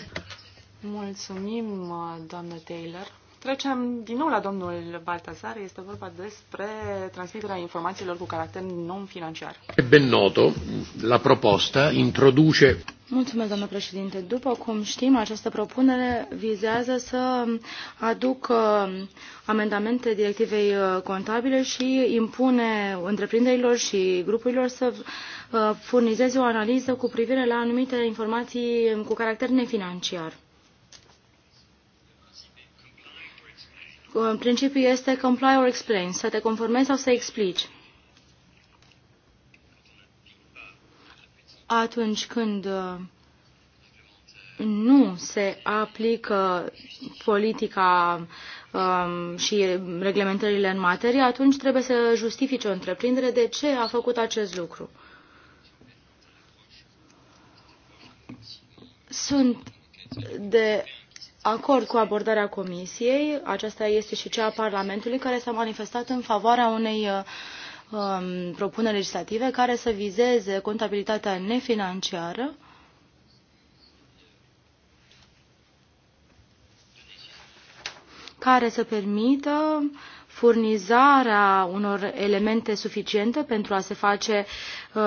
Mulțumim, uh, doamnă Taylor. Trecem din nou la domnul Baltazar. Este vorba despre transmiterea informațiilor cu caracter non-financiar. E ben noto, la proposta introduce... Mulțumesc, doamnă președinte. După cum știm, această propunere vizează să aduc amendamente directivei uh, contabile și impune întreprinderilor și grupurilor să uh, furnizeze o analiză cu privire la anumite informații cu caracter nefinanciar. principiul este comply or explain, să te conformezi sau să explici. Atunci când uh, nu se aplică politica um, și reglementările în materie, atunci trebuie să justifice o întreprindere de ce a făcut acest lucru. Sunt de acord cu abordarea Comisiei, aceasta este și cea a Parlamentului, care s-a manifestat în favoarea unei uh, um, propuneri legislative care să vizeze contabilitatea nefinanciară care să permită uh, furnizarea unor elemente suficiente pentru a se face uh,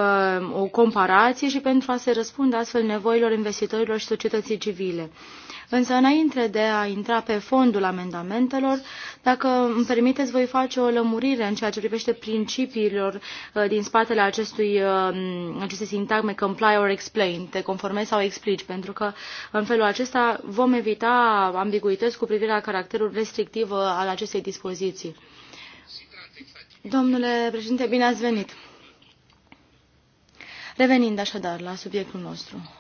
o comparație și pentru a se răspunde astfel nevoilor investitorilor și societății civile. Însă, înainte de a intra pe fondul amendamentelor, dacă îmi permiteți, voi face o lămurire în ceea ce privește principiilor uh, din spatele acestui, uh, acestei sintagme comply or explain, te conformezi sau explici, pentru că în felul acesta vom evita ambiguități cu privire la caracterul restrictiv uh, al acestei dispoziții. Domnule președinte, bine ați venit. Revenind așadar la subiectul nostru.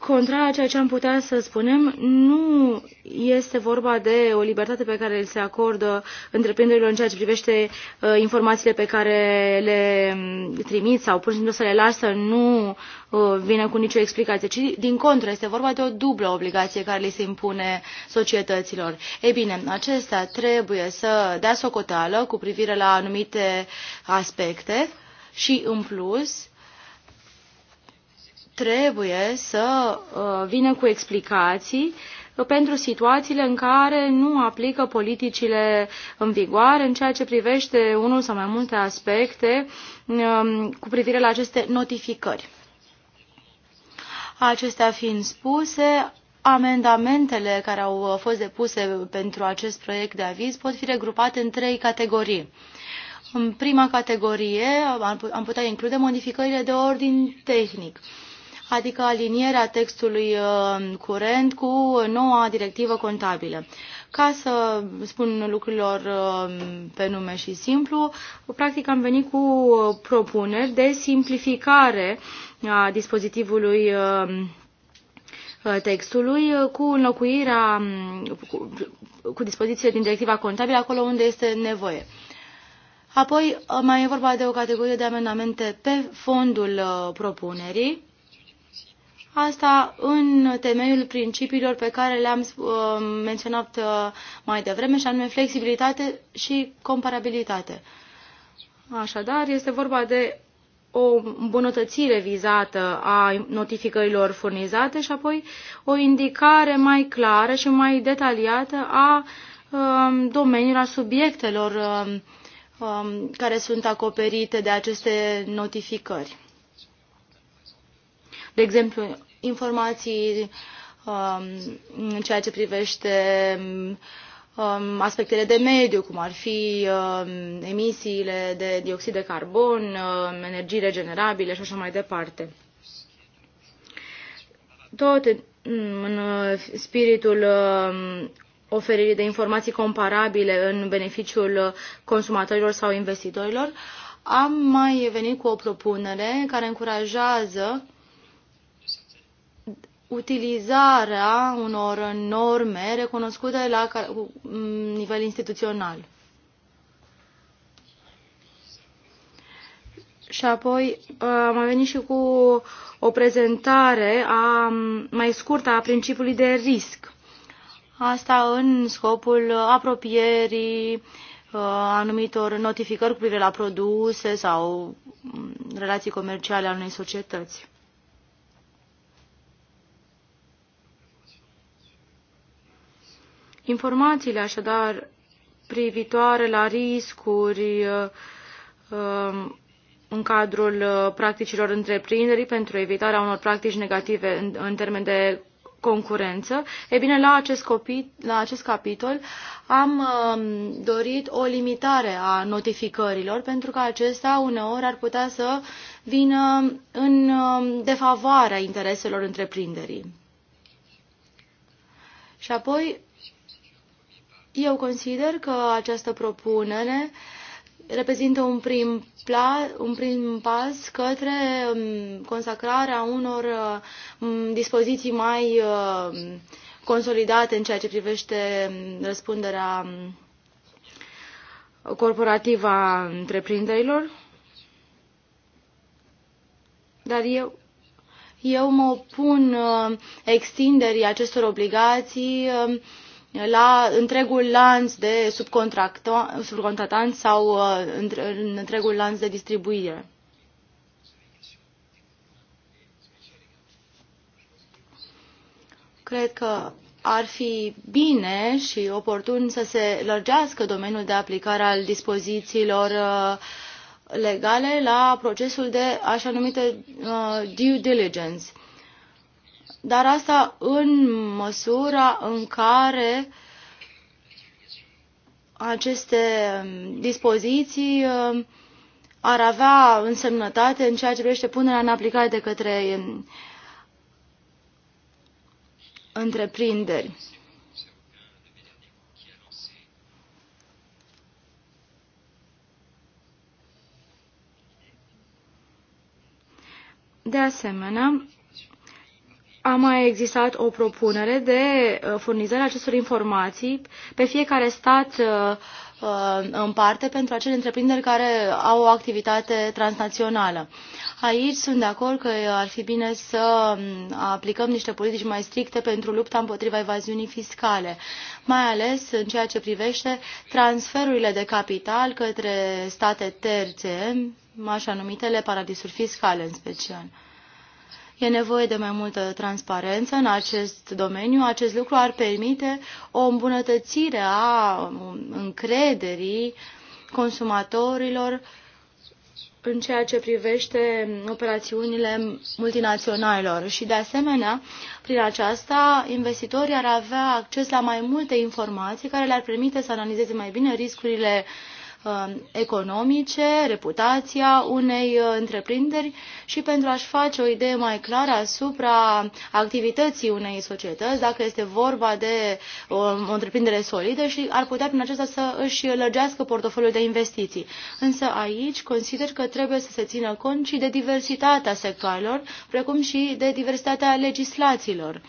contrar a ceea ce am putea să spunem, nu este vorba de o libertate pe care se acordă întreprinderilor în ceea ce privește uh, informațiile pe care le mm, trimit sau pur și simplu să le lasă. nu uh, vine cu nicio explicație, ci din contră este vorba de o dublă obligație care le se impune societăților. Ei bine, acestea trebuie să dea socoteală cu privire la anumite aspecte și, în plus, trebuie să uh, vină cu explicații pentru situațiile în care nu aplică politicile în vigoare în ceea ce privește unul sau mai multe aspecte um, cu privire la aceste notificări. Acestea fiind spuse, amendamentele care au uh, fost depuse pentru acest proiect de aviz pot fi regrupate în trei categorii. În prima categorie am putea include modificările de ordin tehnic adică alinierea textului uh, curent cu noua directivă contabilă. Ca să spun lucrurilor uh, pe nume și simplu, practic am venit cu propuneri de simplificare a dispozitivului uh, textului cu înlocuirea cu, dispoziție dispozițiile din directiva contabilă acolo unde este nevoie. Apoi mai e vorba de o categorie de amendamente pe fondul propunerii Asta în temeiul principiilor pe care le-am uh, menționat uh, mai devreme, și anume flexibilitate și comparabilitate. Așadar, este vorba de o îmbunătățire vizată a notificărilor furnizate și apoi o indicare mai clară și mai detaliată a um, domeniilor, a subiectelor um, um, care sunt acoperite de aceste notificări. De exemplu, informații um, în ceea ce privește um, aspectele de mediu, cum ar fi um, emisiile de dioxid de carbon, energii regenerabile și așa mai departe. Tot în spiritul oferirii de informații comparabile în beneficiul consumatorilor sau investitorilor, am mai venit cu o propunere care încurajează utilizarea unor norme recunoscute la mm, nivel instituțional. Și apoi uh, am venit și cu o prezentare a, mm, mai scurtă a principiului de risc. Asta în scopul apropierii uh, anumitor notificări cu privire la produse sau mm, relații comerciale ale unei societăți. Informațiile așadar privitoare la riscuri uh, um, în cadrul uh, practicilor întreprinderii pentru evitarea unor practici negative în, în termen de concurență. E bine, la acest, copii, la acest capitol am um, dorit o limitare a notificărilor pentru că acestea uneori ar putea să vină în um, defavoarea intereselor întreprinderii. Și apoi eu consider că această propunere reprezintă un prim, pla, un prim pas către um, consacrarea unor um, dispoziții mai um, consolidate în ceea ce privește răspunderea corporativă a întreprinderilor. Dar eu, eu mă opun uh, extinderii acestor obligații uh, la întregul lanț de subcontratanți sau uh, în întregul lanț de distribuire. Cred că ar fi bine și oportun să se lărgească domeniul de aplicare al dispozițiilor uh, legale la procesul de așa numită uh, due diligence dar asta în măsura în care aceste dispoziții uh, ar avea însemnătate în ceea ce privește punerea în aplicare de către uh, întreprinderi. De asemenea, a mai existat o propunere de uh, furnizare acestor informații pe fiecare stat uh, uh, în parte pentru acele întreprinderi care au o activitate transnațională. Aici sunt de acord că ar fi bine să um, aplicăm niște politici mai stricte pentru lupta împotriva evaziunii fiscale, mai ales în ceea ce privește transferurile de capital către state terțe, așa numitele paradisuri fiscale în special. E nevoie de mai multă transparență în acest domeniu. Acest lucru ar permite o îmbunătățire a încrederii consumatorilor în ceea ce privește operațiunile multinaționalelor și, de asemenea, prin aceasta, investitorii ar avea acces la mai multe informații care le-ar permite să analizeze mai bine riscurile uh, Um, economice, reputația unei uh, întreprinderi și pentru a-și face o idee mai clară asupra activității unei societăți, dacă este vorba de um, o, întreprindere solidă și ar putea prin acesta să își lăgească portofoliul de investiții. Însă aici consider că trebuie să se țină cont și de diversitatea sectoarelor, precum și de diversitatea legislațiilor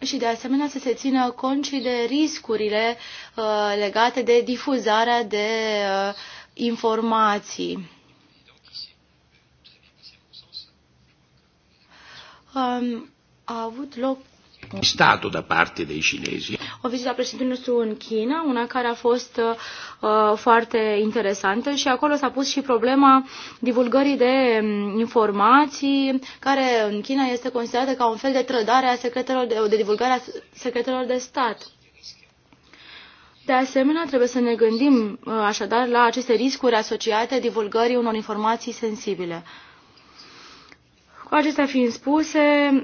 și de asemenea să se țină cont și de riscurile uh, legate de difuzarea de uh, informații. Um, a avut loc stato da parte dei cinesi. O vizită a președintelui nostru în China, una care a fost uh, foarte interesantă și acolo s-a pus și problema divulgării de mm, informații, care în China este considerată ca un fel de trădare a secretelor de, de divulgare a secretelor de stat. De asemenea, trebuie să ne gândim uh, așadar la aceste riscuri asociate divulgării unor informații sensibile. Cu Acestea fiind spuse,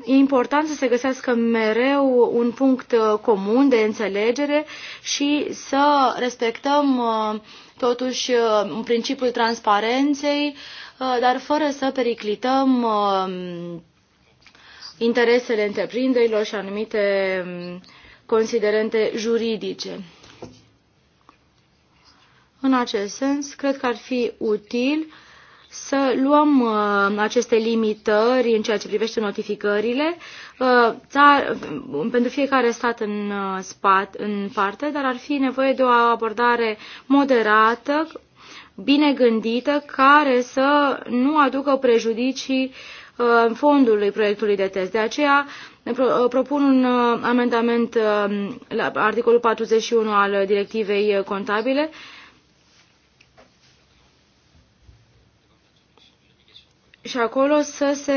e important să se găsească mereu un punct uh, comun de înțelegere și să respectăm uh, totuși un uh, principiul transparenței, dar fără să periclităm interesele întreprinderilor și anumite um, considerente juridice. În acest sens, cred că ar fi util să luăm uh, aceste limitări în ceea ce privește notificările uh, dar, um, pentru fiecare stat în, uh, spat, în parte, dar ar fi nevoie de o abordare moderată, bine gândită, care să nu aducă prejudicii uh, fondului proiectului de test. De aceea uh, propun un uh, amendament uh, la articolul 41 al directivei contabile uh, și acolo să se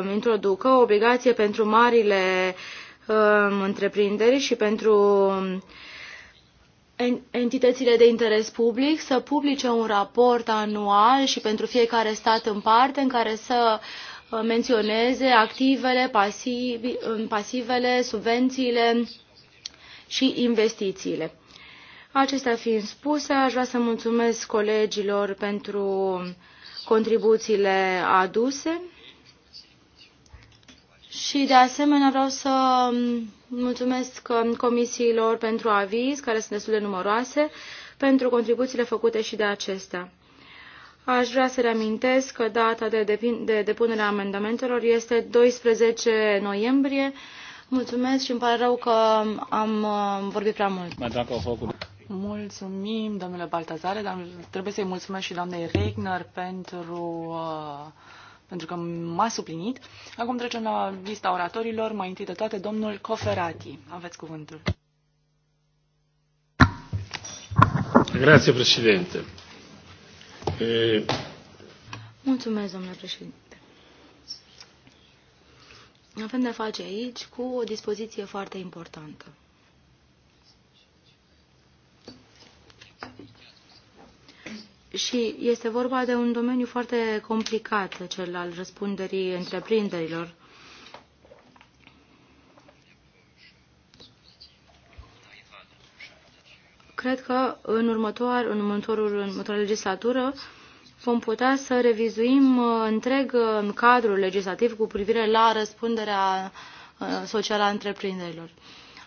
um, introducă o obligație pentru marile um, întreprinderi și pentru um, entitățile de interes public să publice un raport anual și pentru fiecare stat în parte în care să uh, menționeze activele, pasivele, subvențiile și investițiile. Acestea fiind spuse, aș vrea să mulțumesc colegilor pentru contribuțiile aduse. Și de asemenea vreau să mulțumesc comisiilor pentru aviz, care sunt destul de numeroase, pentru contribuțiile făcute și de acestea. Aș vrea să reamintesc că data de, de depunere a amendamentelor este 12 noiembrie. Mulțumesc și îmi pare rău că am vorbit prea mult. Mulțumim, domnule Baltazare, dar trebuie să-i mulțumesc și doamnei Regner pentru, uh, pentru că m-a suplinit. Acum trecem la lista oratorilor. Mai întâi de toate, domnul Coferati. Aveți cuvântul. Grazie, președinte. E... Mulțumesc, domnule președinte. Avem de face aici cu o dispoziție foarte importantă. Și este vorba de un domeniu foarte complicat, cel al răspunderii întreprinderilor. Cred că în, următoar, în, următorul, în următoarea legislatură vom putea să revizuim uh, întreg uh, cadrul legislativ cu privire la răspunderea uh, socială a întreprinderilor.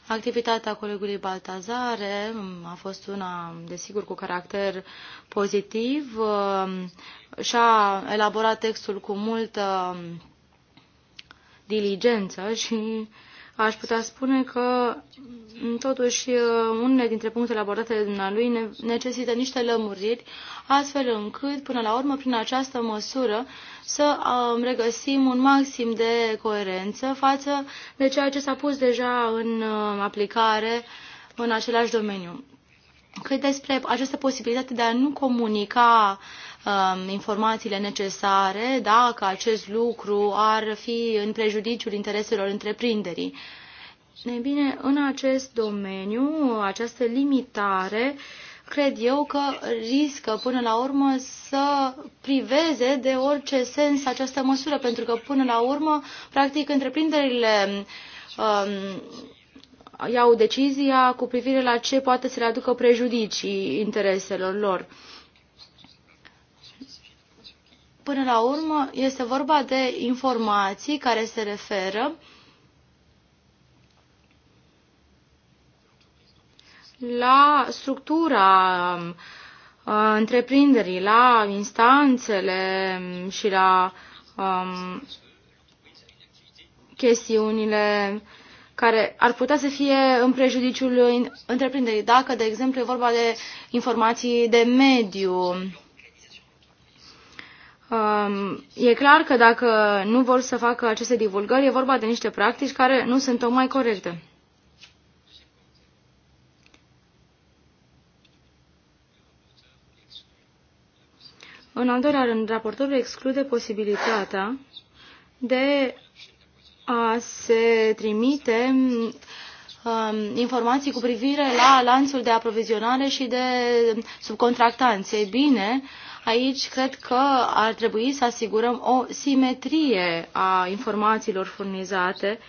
Activitatea colegului Baltazare mm, a fost una, desigur, cu caracter pozitiv. Mm, și-a elaborat textul cu multă mm, diligență și aș putea spune că, totuși, uh, unele dintre punctele abordate de dumnealui necesită niște lămuriri, astfel încât, până la urmă, prin această măsură, să um, regăsim un maxim de coerență față de ceea ce s-a pus deja în uh, aplicare în același domeniu. Cât despre această posibilitate de a nu comunica uh, Um, informațiile necesare dacă acest lucru ar fi în prejudiciul intereselor întreprinderii. Ei bine, în acest domeniu, această limitare cred eu că riscă până la urmă să priveze de orice sens această măsură, pentru că până la urmă, practic, întreprinderile um, iau decizia cu privire la ce poate să le aducă prejudicii intereselor lor. Până la urmă, este vorba de informații care se referă la structura uh, întreprinderii, la instanțele și la um, chestiunile care ar putea să fie în prejudiciul întreprinderii. Dacă, de exemplu, e vorba de informații de mediu, Um, e clar că dacă nu vor să facă aceste divulgări, e vorba de niște practici care nu sunt tocmai corecte. În al doilea rând, raportorul exclude posibilitatea de a se trimite um, informații cu privire la lanțul de aprovizionare și de subcontractanți. Ei bine, Aici cred că ar trebui să asigurăm o simetrie a informațiilor furnizate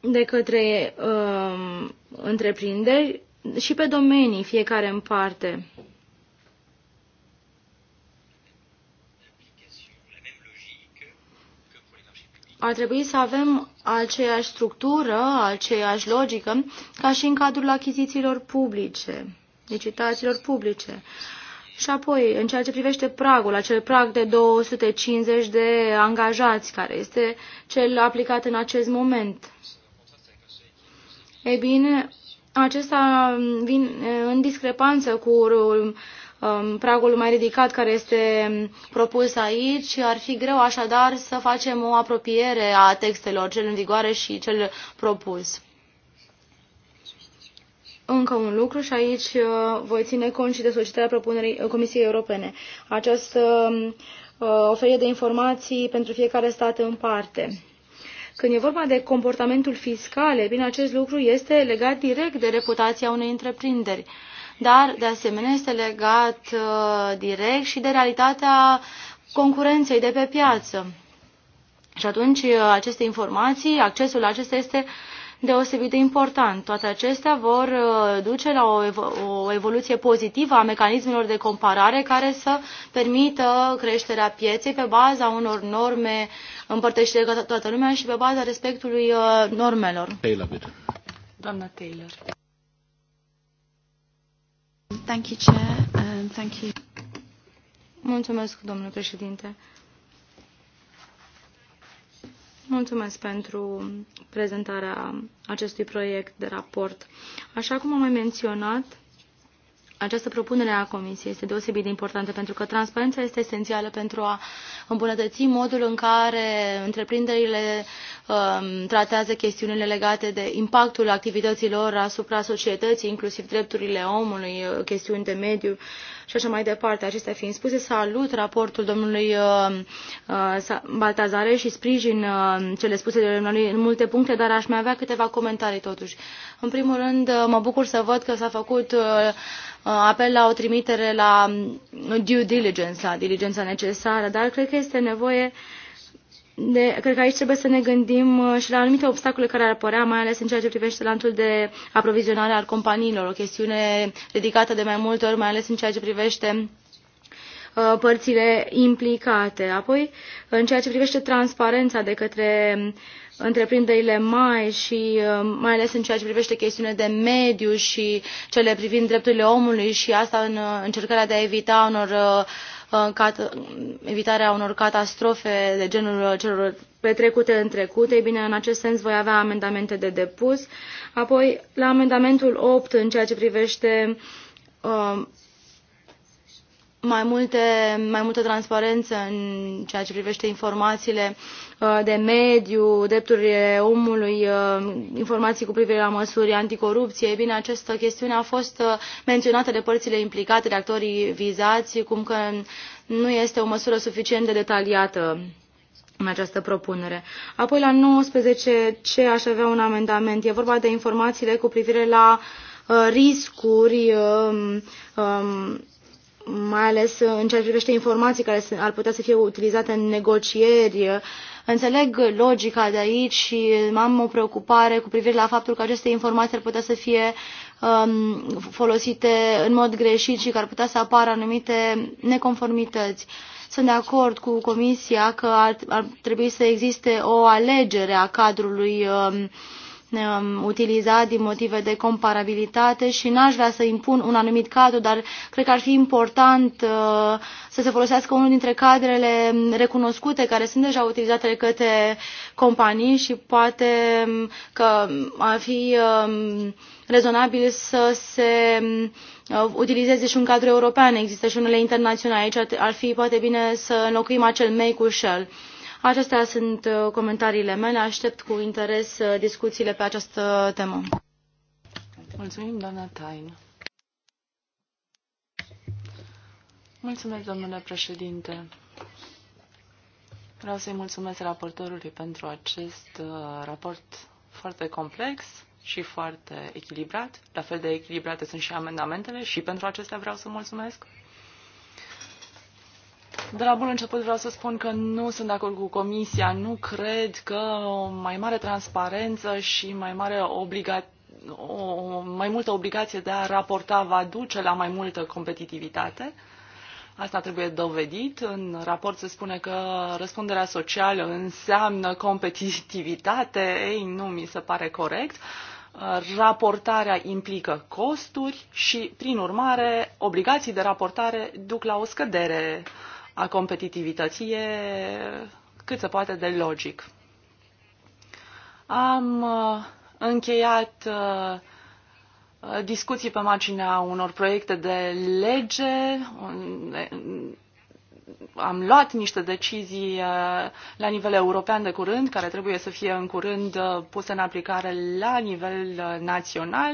de către um, întreprinderi și pe domenii, fiecare în parte. ar trebui să avem aceeași structură, aceeași logică, ca și în cadrul achizițiilor publice licitațiilor publice. Și apoi, în ceea ce privește pragul, acel prag de 250 de angajați, care este cel aplicat în acest moment. Ei bine, acesta vin în discrepanță cu um, um, pragul mai ridicat care este um, propus aici. Ar fi greu așadar să facem o apropiere a textelor, cel în vigoare și cel propus încă un lucru și aici uh, voi ține cont și de solicitarea propunerii uh, Comisiei Europene. Această uh, oferire de informații pentru fiecare stat în parte. Când e vorba de comportamentul fiscal, bine, acest lucru este legat direct de reputația unei întreprinderi, dar de asemenea este legat uh, direct și de realitatea concurenței de pe piață. Și atunci aceste informații, accesul la acestea este deosebit de important. Toate acestea vor uh, duce la o, evoluție pozitivă a mecanismelor de comparare care să permită creșterea pieței pe baza unor norme împărtășite de toată lumea și pe baza respectului uh, normelor. Taylor, Doamna Taylor. Thank you, Chair. Um, thank you. Mulțumesc, domnule președinte. Mulțumesc pentru prezentarea acestui proiect de raport. Așa cum am mai menționat, această propunere a Comisiei este deosebit de importantă pentru că transparența este esențială pentru a îmbunătăți modul în care întreprinderile um, tratează chestiunile legate de impactul activităților asupra societății, inclusiv drepturile omului, chestiuni de mediu și așa mai departe. Acestea fiind spuse, salut raportul domnului uh, uh Baltazare și sprijin uh, cele spuse de domnului în multe puncte, dar aș mai avea câteva comentarii totuși. În primul rând, uh, mă bucur să văd că s-a făcut uh, Uh, apel la o trimitere la um, due diligence, la diligența necesară, dar cred că este nevoie de, cred că aici trebuie să ne gândim uh, și la anumite obstacole care ar apărea, mai ales în ceea ce privește lanțul de aprovizionare al companiilor, o chestiune ridicată de mai multe ori, mai ales în ceea ce privește uh, părțile implicate. Apoi, în ceea ce privește transparența de către întreprinderile mai și uh, mai ales în ceea ce privește chestiunile de mediu și cele privind drepturile omului și asta în uh, încercarea de a evita unor uh, evitarea unor catastrofe de genul celor petrecute în trecut. Ei bine, în acest sens voi avea amendamente de depus. Apoi, la amendamentul 8, în ceea ce privește mai, multe, mai multă transparență în ceea ce privește informațiile uh, de mediu, drepturile omului, uh, informații cu privire la măsuri anticorupție. bine, această chestiune a fost uh, menționată de părțile implicate, de actorii vizați, cum că nu este o măsură suficient de detaliată în această propunere. Apoi, la 19 ce aș avea un amendament. E vorba de informațiile cu privire la uh, riscuri um, um, mai ales în ceea ce privește informații care ar putea să fie utilizate în negocieri. Înțeleg logica de aici și am o preocupare cu privire la faptul că aceste informații ar putea să fie um, folosite în mod greșit și că ar putea să apară anumite neconformități. Sunt de acord cu Comisia că ar, ar trebui să existe o alegere a cadrului um, utilizat din motive de comparabilitate și n-aș vrea să impun un anumit cadru, dar cred că ar fi important uh, să se folosească unul dintre cadrele recunoscute care sunt deja utilizate de către companii și poate um, că ar fi um, rezonabil să se um, utilizeze și un cadru european. Există și unele internaționale. Aici ar fi poate bine să înlocuim acel make cu shell. Acestea sunt uh, comentariile mele. Aștept cu interes uh, discuțiile pe această temă. Mulțumim, doamna Tain. Mulțumesc, domnule președinte. Vreau să-i mulțumesc raportorului pentru acest uh, raport foarte complex și foarte echilibrat. La fel de echilibrate sunt și amendamentele și pentru acestea vreau să mulțumesc. De la bun început vreau să spun că nu sunt de acord cu Comisia. Nu cred că o mai mare transparență și mai mare obliga o mai multă obligație de a raporta va duce la mai multă competitivitate. Asta trebuie dovedit. În raport se spune că răspunderea socială înseamnă competitivitate. Ei, nu mi se pare corect. Raportarea implică costuri și, prin urmare, obligații de raportare duc la o scădere uh, a competitivității e cât se poate de logic. Am uh, încheiat uh, discuții pe marginea unor proiecte de lege, am luat niște decizii uh, la nivel european de curând, care trebuie să fie în curând puse în aplicare la nivel național.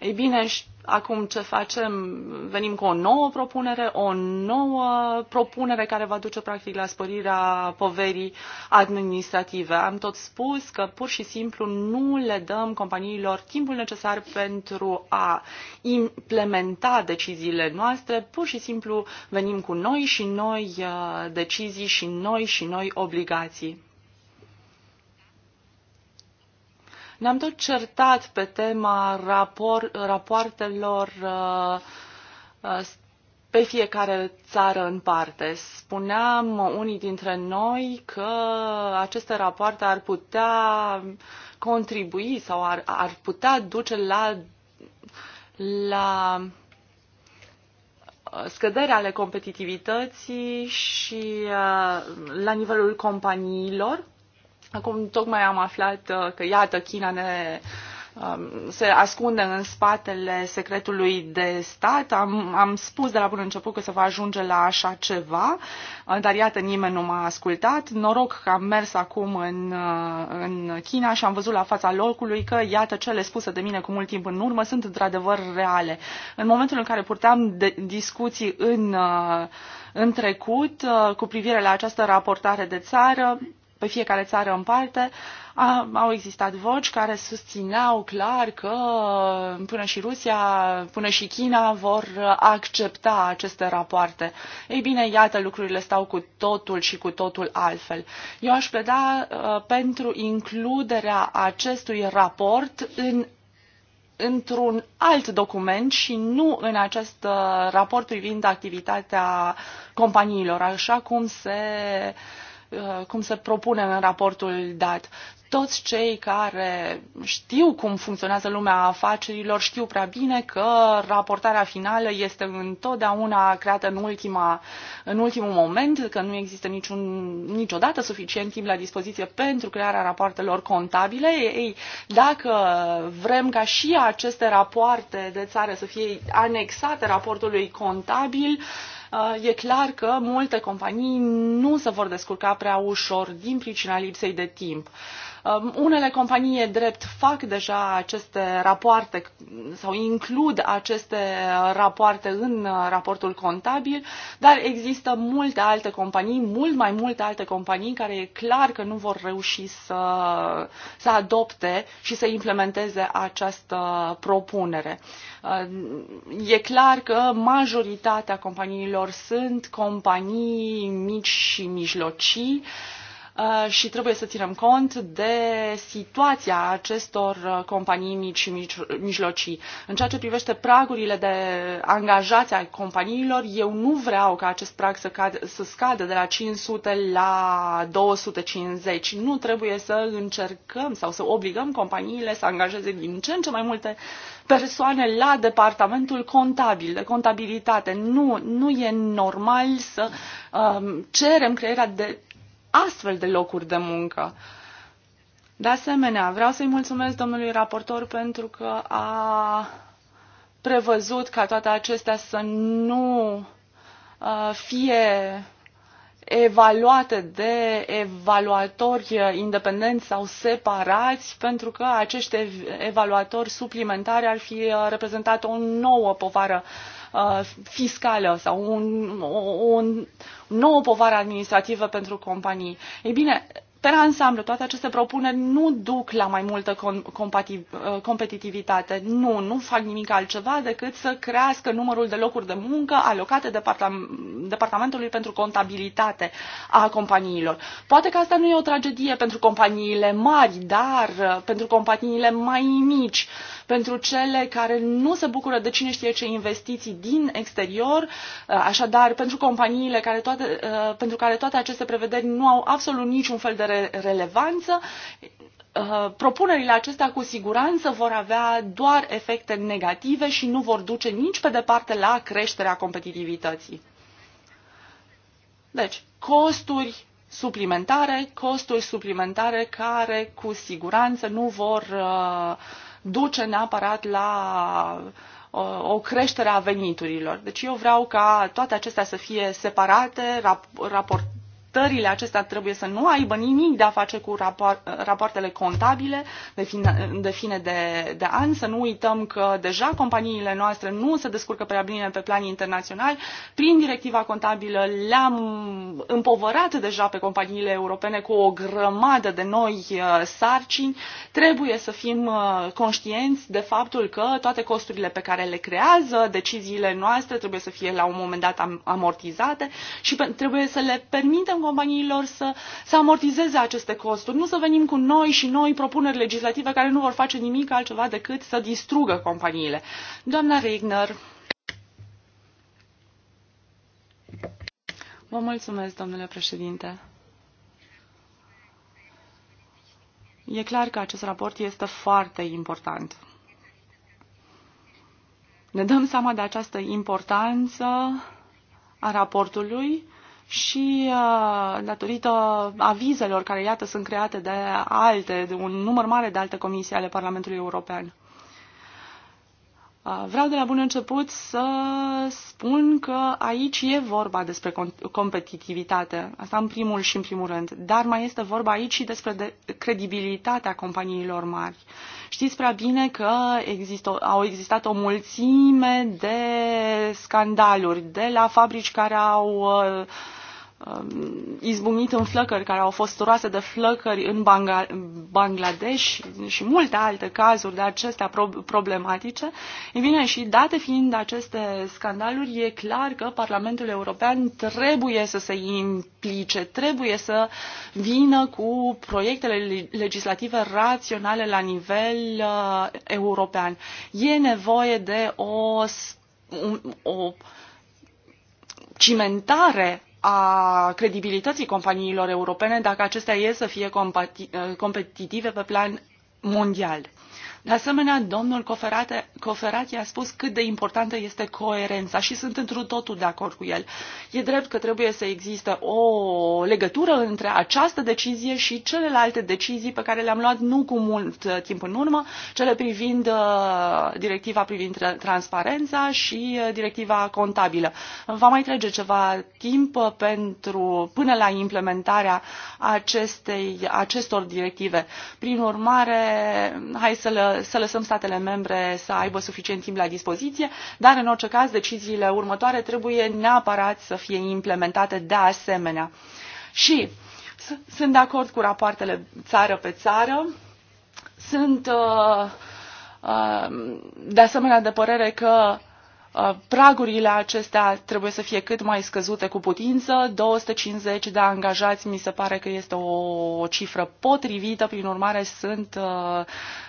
Ei bine, Acum ce facem? Venim cu o nouă propunere, o nouă propunere care va duce practic la spărirea poverii administrative. Am tot spus că pur și simplu nu le dăm companiilor timpul necesar pentru a implementa deciziile noastre. Pur și simplu venim cu noi și noi uh, decizii și noi și noi obligații. Ne-am tot certat pe tema rapor, rapoartelor uh, uh, pe fiecare țară în parte. Spuneam unii dintre noi că aceste rapoarte ar putea contribui sau ar, ar putea duce la, la uh, scăderea ale competitivității și la nivelul companiilor Acum tocmai am aflat uh, că, iată, China ne um, se ascunde în spatele secretului de stat. Am, am spus de la bun început că se va ajunge la așa ceva, uh, dar iată, nimeni nu m-a ascultat. Noroc că am mers acum în, uh, în China și am văzut la fața locului că, iată, cele spuse de mine cu mult timp în urmă sunt într-adevăr reale. În momentul în care purteam de, discuții în, în trecut cu privire la această raportare de țară, pe fiecare țară în parte, a, au existat voci care susțineau clar că până și Rusia, până și China vor accepta aceste rapoarte. Ei bine, iată, lucrurile stau cu totul și cu totul altfel. Eu aș pleda uh, pentru includerea acestui raport în într-un alt document și nu în acest uh, raport privind activitatea companiilor, așa cum se uh, Uh, cum se propune în raportul dat. Toți cei care știu cum funcționează lumea afacerilor știu prea bine că raportarea finală este întotdeauna creată în, ultima, în ultimul moment, că nu există niciun, niciodată suficient timp la dispoziție pentru crearea rapoartelor contabile. Ei, dacă vrem ca și aceste rapoarte de țară să fie anexate raportului contabil, Uh, e clar că multe companii nu se vor descurca prea ușor din pricina lipsei de timp. Um, unele companii, e drept, fac deja aceste rapoarte sau includ aceste rapoarte în uh, raportul contabil, dar există multe alte companii, mult mai multe alte companii, care e clar că nu vor reuși să, să adopte și să implementeze această propunere. Uh, e clar că majoritatea companiilor sunt companii mici și mijlocii, Uh, și trebuie să ținem cont de situația acestor uh, companii mici și mijlocii. În ceea ce privește pragurile de angajați ai companiilor, eu nu vreau ca acest prag să, cad, să scadă de la 500 la 250. Nu trebuie să încercăm sau să obligăm companiile să angajeze din ce în ce mai multe persoane la departamentul contabil, de contabilitate. Nu, nu e normal să um, cerem crearea de astfel de locuri de muncă. De asemenea, vreau să-i mulțumesc domnului raportor pentru că a prevăzut ca toate acestea să nu uh, fie evaluate de evaluatori independenți sau separați, pentru că acești evaluatori suplimentari ar fi uh, reprezentat o nouă povară Uh, fiscală sau un, o, o nouă povară administrativă pentru companii. Ei bine, pe ansamblu, toate aceste propuneri nu duc la mai multă uh, competitivitate. Nu, nu fac nimic altceva decât să crească numărul de locuri de muncă alocate Departamentului pentru Contabilitate a companiilor. Poate că asta nu e o tragedie pentru companiile mari, dar uh, pentru companiile mai mici, pentru cele care nu se bucură de cine știe ce investiții din exterior, uh, așadar pentru companiile care toate, pentru care toate aceste prevederi nu au absolut niciun fel de re- relevanță, uh, propunerile acestea cu siguranță vor avea doar efecte negative și nu vor duce nici pe departe la creșterea competitivității. Deci, costuri suplimentare, costuri suplimentare care cu siguranță nu vor uh, duce neapărat la uh, o creștere a veniturilor. Deci eu vreau ca toate acestea să fie separate, raportate. raport stările acestea trebuie să nu aibă nimic de a face cu rapoartele contabile de fine de, fine de, de an. Să nu uităm că deja companiile noastre nu se descurcă prea bine pe plan internațional. Prin directiva contabilă le-am împovărat deja pe companiile europene cu o grămadă de noi uh, sarcini. Trebuie să fim uh, conștienți de faptul că toate costurile pe care le creează deciziile noastre trebuie să fie la un moment dat amortizate și trebuie să le permitem companiilor să, să amortizeze aceste costuri, nu să venim cu noi și noi propuneri legislative care nu vor face nimic altceva decât să distrugă companiile. Doamna Regner. Vă mulțumesc, domnule președinte. E clar că acest raport este foarte important. Ne dăm seama de această importanță a raportului și uh, datorită avizelor care, iată, sunt create de alte, de un număr mare de alte comisii ale Parlamentului European. Ah, vreau de la bun început să spun că aici e vorba despre competitivitate, asta în primul și în primul rând, dar mai este vorba aici și despre de credibilitatea companiilor mari. Știți prea bine că există, au existat o mulțime de scandaluri de la fabrici care au uh, Um, izbucnit în flăcări, care au fost turoase de flăcări în Bangladesh și multe alte cazuri de acestea problematice. E bine, și date fiind aceste scandaluri, e clar că Parlamentul European trebuie să se implice, trebuie să vină cu proiectele legislative raționale la nivel uh, european. E nevoie de o, o cimentare a credibilității companiilor europene dacă acestea ies să fie competitive pe plan mondial. De asemenea, domnul Cofferati a spus cât de importantă este coerența și sunt întru totul de acord cu el. E drept că trebuie să există o legătură între această decizie și celelalte decizii pe care le-am luat nu cu mult uh, timp în urmă, cele privind uh, directiva privind transparența și uh, directiva contabilă. Va mai trece ceva timp pentru, până la implementarea acestei, acestor directive. Prin urmare, hai să le să lăsăm statele membre să aibă suficient timp la dispoziție, dar în orice caz deciziile următoare trebuie neapărat să fie implementate de asemenea. Și sunt de acord cu rapoartele țară pe țară. Sunt uh, uh, de asemenea de părere că uh, pragurile acestea trebuie să fie cât mai scăzute cu putință. 250 de angajați mi se pare că este o cifră potrivită, prin urmare sunt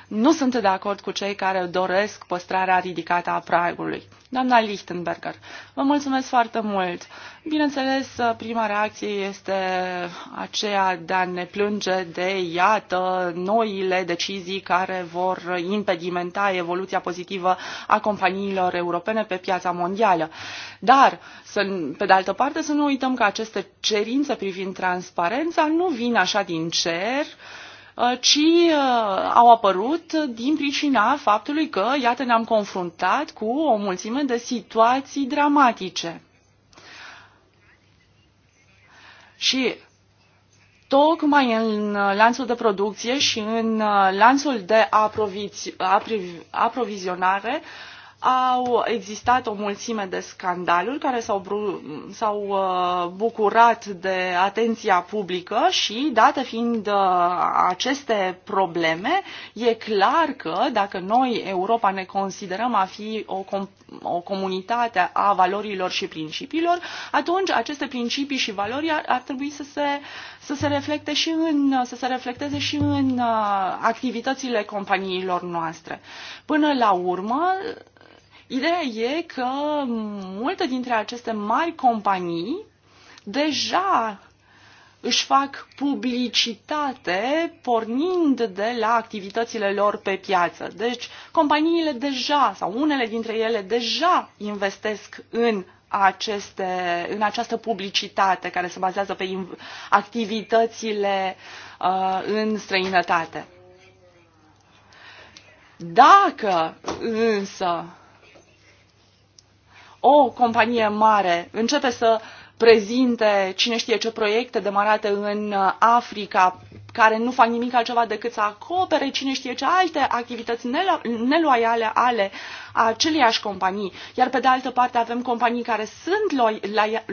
nu sunt de acord cu cei care doresc păstrarea ridicată a pragului. Doamna Lichtenberger, vă mulțumesc foarte mult. Bineînțeles, prima reacție este aceea de a ne plânge de, iată, noile decizii care vor impedimenta evoluția pozitivă a companiilor europene pe piața mondială. Dar, să, pe de altă parte, să nu uităm că aceste cerințe privind transparența nu vin așa din cer, uh, Uh, ci uh, au apărut din pricina faptului că, iată, ne-am confruntat cu o mulțime de situații dramatice. Și tocmai în uh, lanțul de producție și în lanțul de aprovizi aprovizionare, au existat o mulțime de scandaluri care s-au, s-au uh, bucurat de atenția publică și, date fiind uh, aceste probleme, e clar că dacă noi, Europa, ne considerăm a fi o, com- o comunitate a valorilor și principiilor, atunci aceste principii și valori ar, ar trebui să se, să se reflecte și în, să se reflecteze și în uh, activitățile companiilor noastre. Până la urmă, Ideea e că multe dintre aceste mari companii deja își fac publicitate pornind de la activitățile lor pe piață. Deci companiile deja sau unele dintre ele deja investesc în aceste, în această publicitate care se bazează pe activitățile uh, în străinătate. Dacă însă o companie mare începe să prezinte cine știe ce proiecte demarate în Africa care nu fac nimic altceva decât să acopere cine știe ce alte activități neloiale ale aceleiași companii. Iar pe de altă parte avem companii care sunt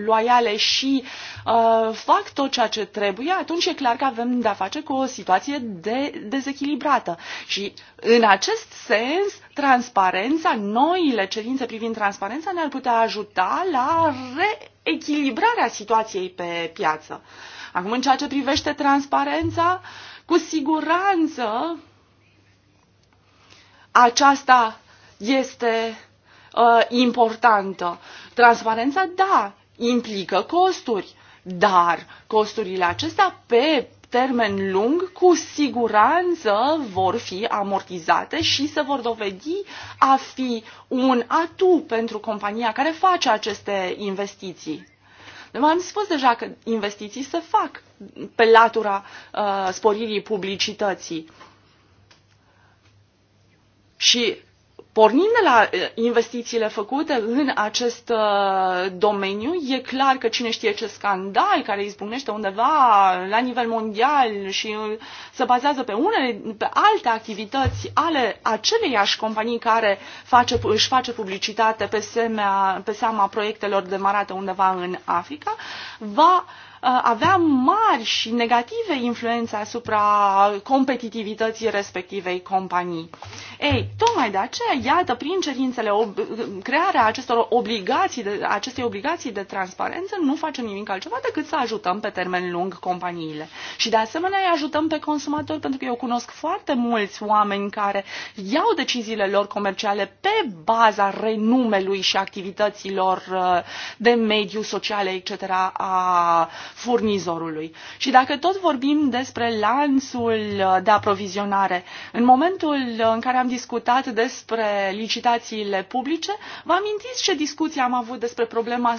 loiale și uh, fac tot ceea ce trebuie, atunci e clar că avem de-a face cu o situație de dezechilibrată. Și în acest sens, transparența, noile cerințe privind transparența ne-ar putea ajuta la reechilibrarea situației pe piață. Uh, Acum, în ceea ce privește transparența, cu siguranță aceasta este uh, importantă. Transparența, da, implică costuri, dar costurile acestea pe termen lung cu siguranță vor fi amortizate și se vor dovedi a fi un atu pentru compania care face aceste investiții. V-am spus deja că investiții se fac pe latura uh, sporirii publicității. Și Pornind de la investițiile făcute în acest domeniu, e clar că cine știe ce scandal care izbucnește undeva la nivel mondial și se bazează pe unele, pe alte activități ale aceleiași companii care face, își face publicitate pe, semea, pe seama proiectelor demarate undeva în Africa, va uh, Uh, avea mari și negative influențe asupra competitivității respectivei companii. Ei, tocmai de aceea, iată, prin cerințele, ob- crearea acestor obligații, de, acestei obligații de transparență, nu facem nimic altceva decât să ajutăm pe termen lung companiile. Și de asemenea îi ajutăm pe consumatori, pentru că eu cunosc foarte mulți oameni care iau deciziile lor comerciale pe baza renumelui și activităților uh, de mediu, sociale, etc. a furnizorului. Și dacă tot vorbim despre lanțul uh, de aprovizionare, în momentul uh, în care am discutat despre licitațiile publice, vă amintiți ce discuție am avut despre problema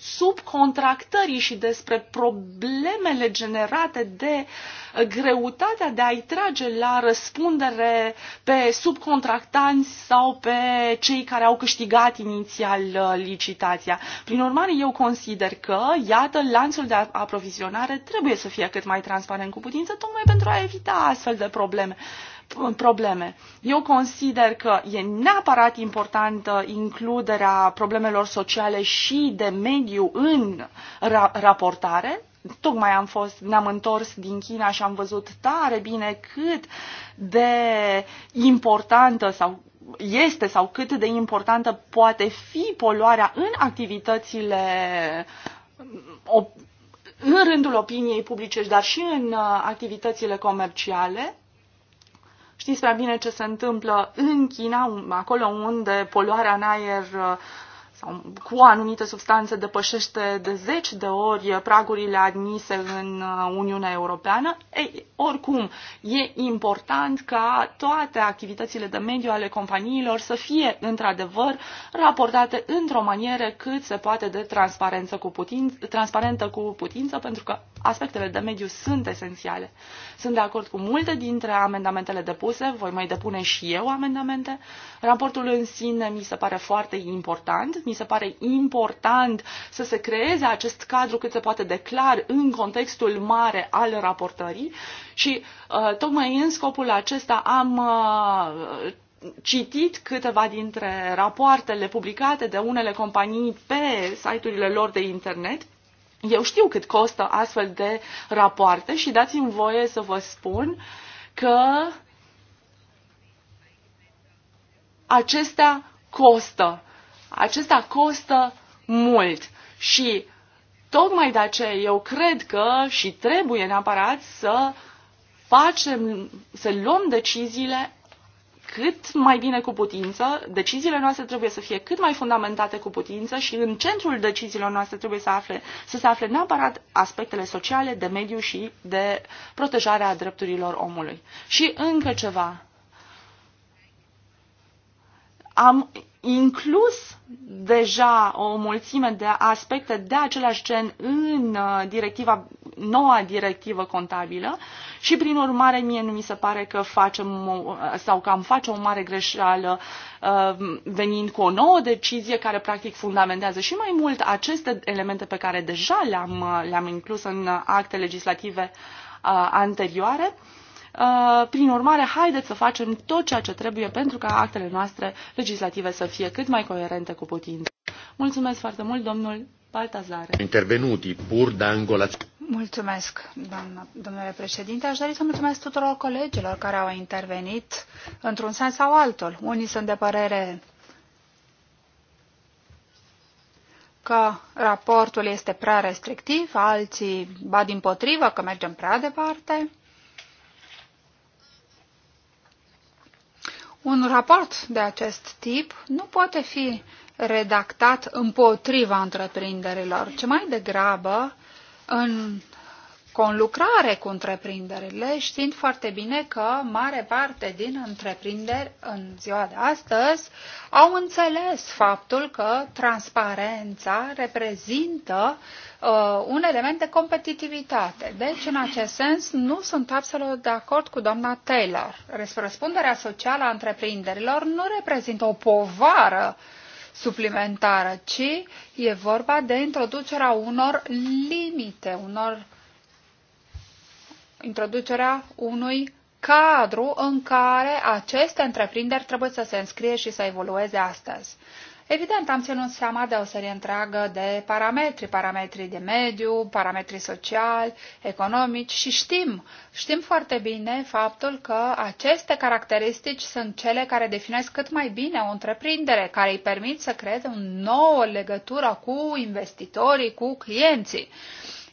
subcontractării și despre problemele generate de uh, greutatea de a-i trage la răspundere pe subcontractanți sau pe cei care au câștigat inițial licitația. Prin urmare, eu consider că, iată, lanțul de aprovizionare trebuie să fie cât mai transparent cu putință, tocmai pentru a evita astfel de probleme. probleme. Eu consider că e neapărat importantă includerea problemelor sociale și de mediu în ra- raportare, tocmai am fost, ne-am întors din China și am văzut tare bine cât de importantă sau este sau cât de importantă poate fi poluarea în activitățile în rândul opiniei publice, dar și în uh, activitățile comerciale. Știți prea bine ce se întâmplă în China, acolo unde poluarea în aer uh, sau cu anumite substanțe depășește de 10 de ori pragurile admise în uh, Uniunea Europeană, ei, oricum e important ca toate activitățile de mediu ale companiilor să fie într-adevăr raportate într-o manieră cât se poate de transparență cu putință, transparentă cu putință, pentru că aspectele de mediu sunt esențiale. Sunt de acord cu multe dintre amendamentele depuse, voi mai depune și eu amendamente. Raportul în sine mi se pare foarte important, mi mi se pare important să se creeze acest cadru cât se poate de clar în contextul mare al raportării și uh, tocmai în scopul acesta am uh, citit câteva dintre rapoartele publicate de unele companii pe site-urile lor de internet eu știu cât costă astfel de rapoarte și dați-mi voie să vă spun că acestea costă acesta costă mult și tocmai de aceea eu cred că și trebuie neapărat să facem, să luăm deciziile cât mai bine cu putință, deciziile noastre trebuie să fie cât mai fundamentate cu putință și în centrul deciziilor noastre trebuie să, afle, să se afle neapărat aspectele sociale, de mediu și de protejarea drepturilor omului. Și încă ceva am inclus deja o mulțime de aspecte de același gen în uh, directiva, noua directivă contabilă și prin urmare mie nu mi se pare că facem uh, sau că am face o mare greșeală uh, venind cu o nouă decizie care practic fundamentează și mai mult aceste elemente pe care deja le-am, le-am inclus în acte legislative anterioare Uh, prin urmare, haideți să facem tot ceea ce trebuie pentru ca actele noastre legislative să fie cât mai coerente cu putință. Mulțumesc foarte mult, domnul Baltazare. Intervenuti pur d'angola. Mulțumesc, doamna, domnule președinte. Aș dori să mulțumesc tuturor colegilor care au intervenit într-un sens sau altul. Unii sunt de părere că raportul este prea restrictiv, alții ba din potrivă că mergem prea departe. Un raport de acest tip nu poate fi redactat împotriva întreprinderilor, ci mai degrabă în conlucrare cu întreprinderile, știind foarte bine că mare parte din întreprinderi în ziua de astăzi au înțeles faptul că transparența reprezintă uh, un element de competitivitate. Deci, în acest sens, nu sunt absolut de acord cu doamna Taylor. Răspunderea socială a întreprinderilor nu reprezintă o povară suplimentară, ci e vorba de introducerea unor limite, unor introducerea unui cadru în care aceste întreprinderi trebuie să se înscrie și să evolueze astăzi. Evident, am ținut seama de o serie întreagă de parametri, parametri de mediu, parametri sociali, economici și știm, știm foarte bine faptul că aceste caracteristici sunt cele care definesc cât mai bine o întreprindere, care îi permit să creeze o nouă legătură cu investitorii, cu clienții.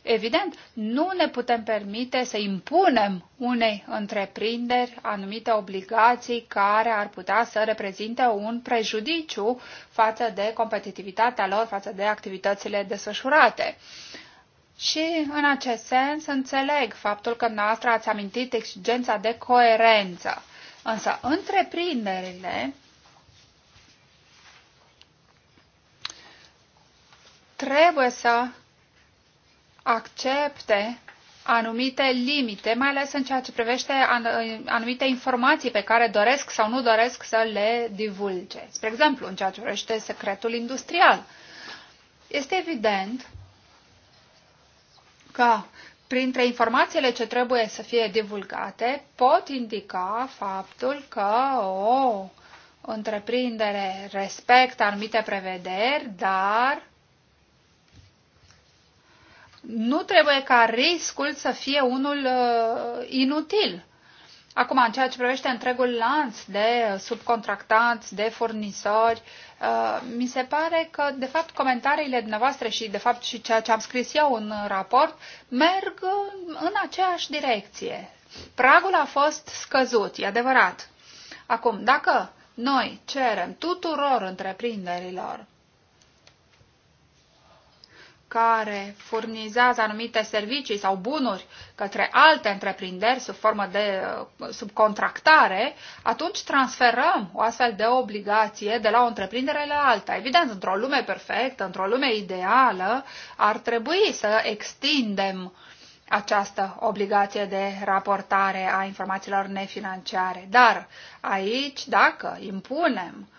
Evident, nu ne putem permite să impunem unei întreprinderi anumite obligații care ar putea să reprezinte un prejudiciu față de competitivitatea lor, față de activitățile desfășurate. Și, în acest sens, înțeleg faptul că noastră ați amintit exigența de coerență. Însă, întreprinderile trebuie să accepte anumite limite, mai ales în ceea ce privește anumite informații pe care doresc sau nu doresc să le divulge. Spre exemplu, în ceea ce privește secretul industrial. Este evident că printre informațiile ce trebuie să fie divulgate pot indica faptul că o întreprindere respectă anumite prevederi, dar nu trebuie ca riscul să fie unul uh, inutil. Acum, în ceea ce privește întregul lanț de subcontractanți, de furnizori, uh, mi se pare că, de fapt, comentariile dumneavoastră și, de fapt, și ceea ce am scris eu în raport merg în aceeași direcție. Pragul a fost scăzut, e adevărat. Acum, dacă noi cerem tuturor întreprinderilor care furnizează anumite servicii sau bunuri către alte întreprinderi sub formă de uh, subcontractare, atunci transferăm o astfel de obligație de la o întreprindere la alta. Evident, într-o lume perfectă, într-o lume ideală, ar trebui să extindem această obligație de raportare a informațiilor nefinanciare. Dar aici, dacă impunem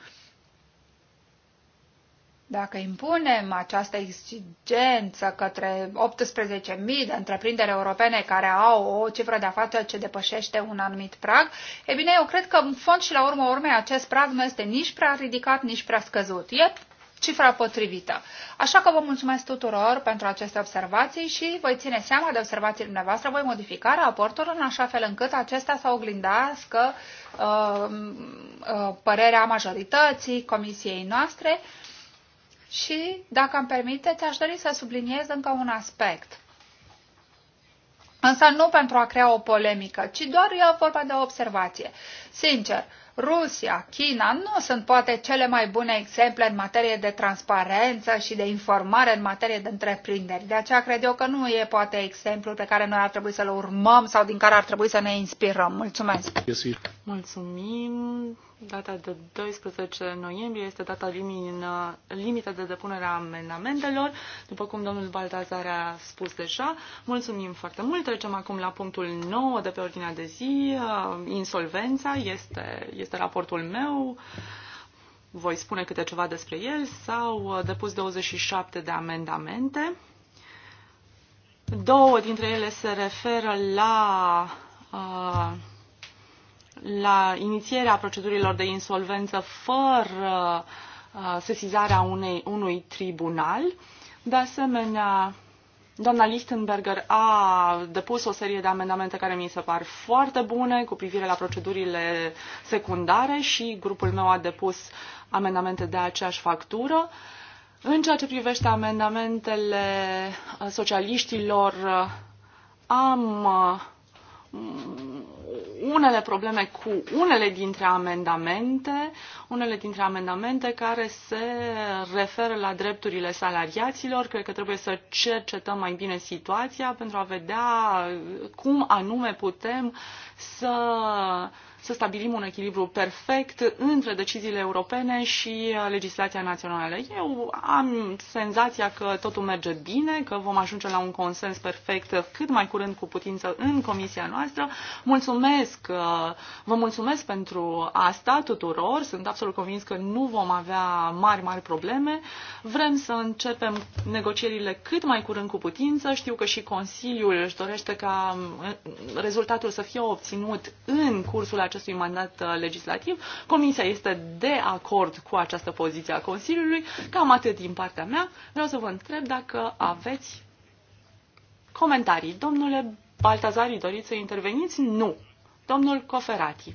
dacă impunem această exigență către 18.000 de întreprinderi europene care au o cifră de afaceri ce depășește un anumit prag, e bine, eu cred că în fond și la urmă urmei acest prag nu este nici prea ridicat, nici prea scăzut. E cifra potrivită. Așa că vă mulțumesc tuturor pentru aceste observații și voi ține seama de observațiile dumneavoastră, voi modifica raportul în așa fel încât acesta să oglindească uh, uh, părerea majorității comisiei noastre și, dacă îmi permiteți, aș dori să subliniez încă un aspect. Însă nu pentru a crea o polemică, ci doar e vorba de o observație. Sincer, Rusia, China nu sunt poate cele mai bune exemple în materie de transparență și de informare în materie de întreprinderi. De aceea cred eu că nu e poate exemplul pe care noi ar trebui să-l urmăm sau din care ar trebui să ne inspirăm. Mulțumesc! Mulțumim! Data de 12 noiembrie este data limită de depunere a amendamentelor, după cum domnul Baltazar a spus deja. Mulțumim foarte mult. Trecem acum la punctul 9 de pe ordinea de zi. Uh, insolvența este, este raportul meu. Voi spune câte ceva despre el. S-au uh, depus 27 de amendamente. Două dintre ele se referă la uh, la inițierea procedurilor de insolvență fără uh, sesizarea unei, unui tribunal. De asemenea, doamna Lichtenberger a depus o serie de amendamente care mi se par foarte bune cu privire la procedurile secundare și grupul meu a depus amendamente de aceeași factură. În ceea ce privește amendamentele uh, socialiștilor, uh, am unele probleme cu unele dintre amendamente, unele dintre amendamente care se referă la drepturile salariaților. Cred că trebuie să cercetăm mai bine situația pentru a vedea cum anume putem să uh, să stabilim un echilibru perfect între deciziile europene și uh, legislația națională. Eu am senzația că totul merge bine, că vom ajunge la un consens perfect cât mai curând cu putință în comisia noastră. Mulțumesc, uh, vă mulțumesc pentru asta tuturor. Sunt absolut convins că nu vom avea mari, mari probleme. Vrem să începem negocierile cât mai curând cu putință. Știu că și Consiliul își dorește ca uh, rezultatul să fie obținut în cursul acestui acestui mandat uh, legislativ. Comisia este de acord cu această poziție a Consiliului. Cam atât din partea mea. Vreau să vă întreb dacă aveți comentarii. Domnule Baltazari, doriți să interveniți? Nu. Domnul Coferati.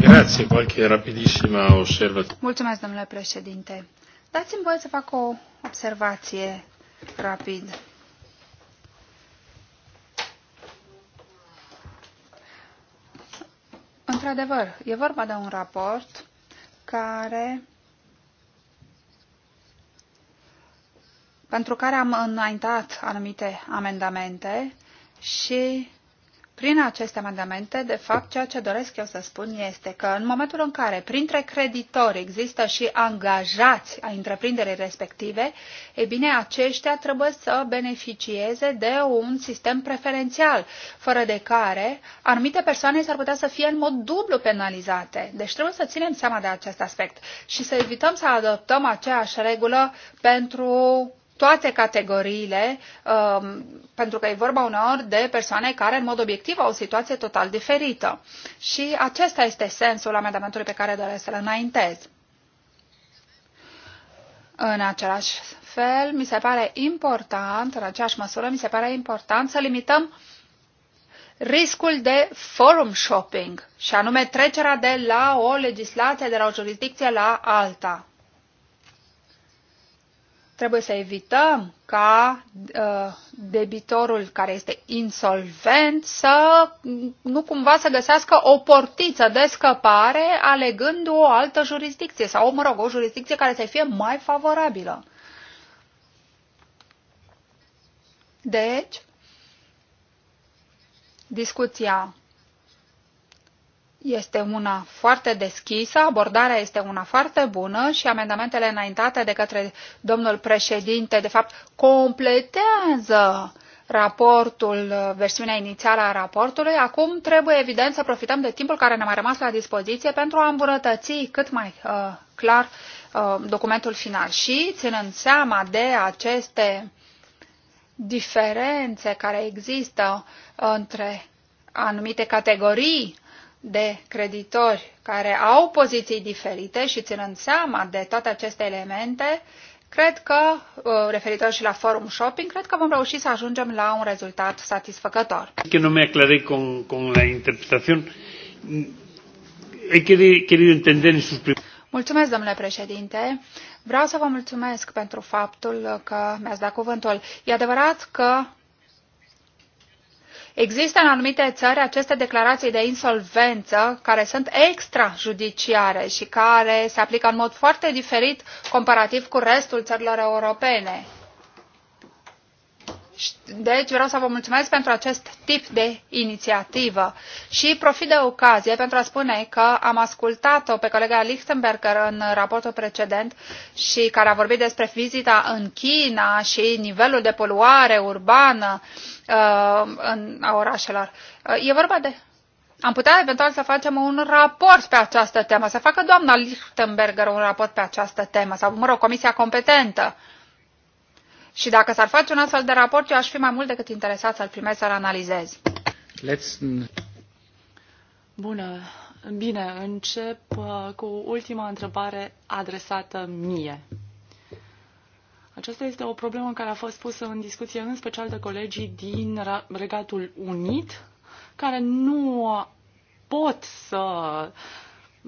Grazie, qualche rapidissima osservazione. Mulțumesc, domnule președinte. Dați-mi voie să fac o observație rapid. Într-adevăr, e vorba de un raport care pentru care am înaintat anumite amendamente și prin aceste amendamente, de fapt, ceea ce doresc eu să spun este că în momentul în care printre creditori există și angajați a întreprinderii respective, e bine, aceștia trebuie să beneficieze de un sistem preferențial, fără de care anumite persoane s-ar putea să fie în mod dublu penalizate. Deci trebuie să ținem seama de acest aspect și să evităm să adoptăm aceeași regulă pentru toate categoriile, um, pentru că e vorba uneori de persoane care, în mod obiectiv, au o situație total diferită. Și acesta este sensul amendamentului pe care doresc să-l înaintez. În același fel, mi se pare important, în aceeași măsură, mi se pare important să limităm riscul de forum shopping, și anume trecerea de la o legislație, de la o jurisdicție la alta. Trebuie să evităm ca uh, debitorul care este insolvent să nu cumva să găsească o portiță de scăpare alegând o altă jurisdicție sau, mă rog, o jurisdicție care să fie mai favorabilă. Deci, discuția este una foarte deschisă, abordarea este una foarte bună și amendamentele înaintate de către domnul președinte, de fapt, completează raportul, versiunea inițială a raportului. Acum trebuie, evident, să profităm de timpul care ne-a mai rămas la dispoziție pentru a îmbunătăți cât mai uh, clar uh, documentul final. Și, ținând seama de aceste diferențe care există între anumite categorii de creditori care au poziții diferite și ținând seama de toate aceste elemente, cred că, uh, referitor și la forum shopping, cred că vom reuși să ajungem la un rezultat satisfăcător. Că no mi-a con, con la interpretación. Mulțumesc, domnule președinte. Vreau să vă mulțumesc pentru faptul că mi-ați dat cuvântul. E adevărat că Există în anumite țări aceste declarații de insolvență care sunt extrajudiciare și care se aplică în mod foarte diferit comparativ cu restul țărilor europene. Deci vreau să vă mulțumesc pentru acest tip de inițiativă și profit de ocazie pentru a spune că am ascultat-o pe colega Lichtenberger în raportul precedent și care a vorbit despre vizita în China și nivelul de poluare urbană uh, în, a orașelor. Uh, e vorba de am putea eventual să facem un raport pe această temă, să facă doamna Lichtenberger un raport pe această temă, sau, mă rog, comisia competentă. Uh, și dacă s-ar face un astfel de raport, eu aș fi mai mult decât interesat să-l primesc, să-l analizez. Letzten. Bună. Bine, încep uh, cu ultima întrebare adresată mie. Aceasta este o problemă care a fost pusă în discuție în special de colegii din Regatul Unit, care nu pot să uh,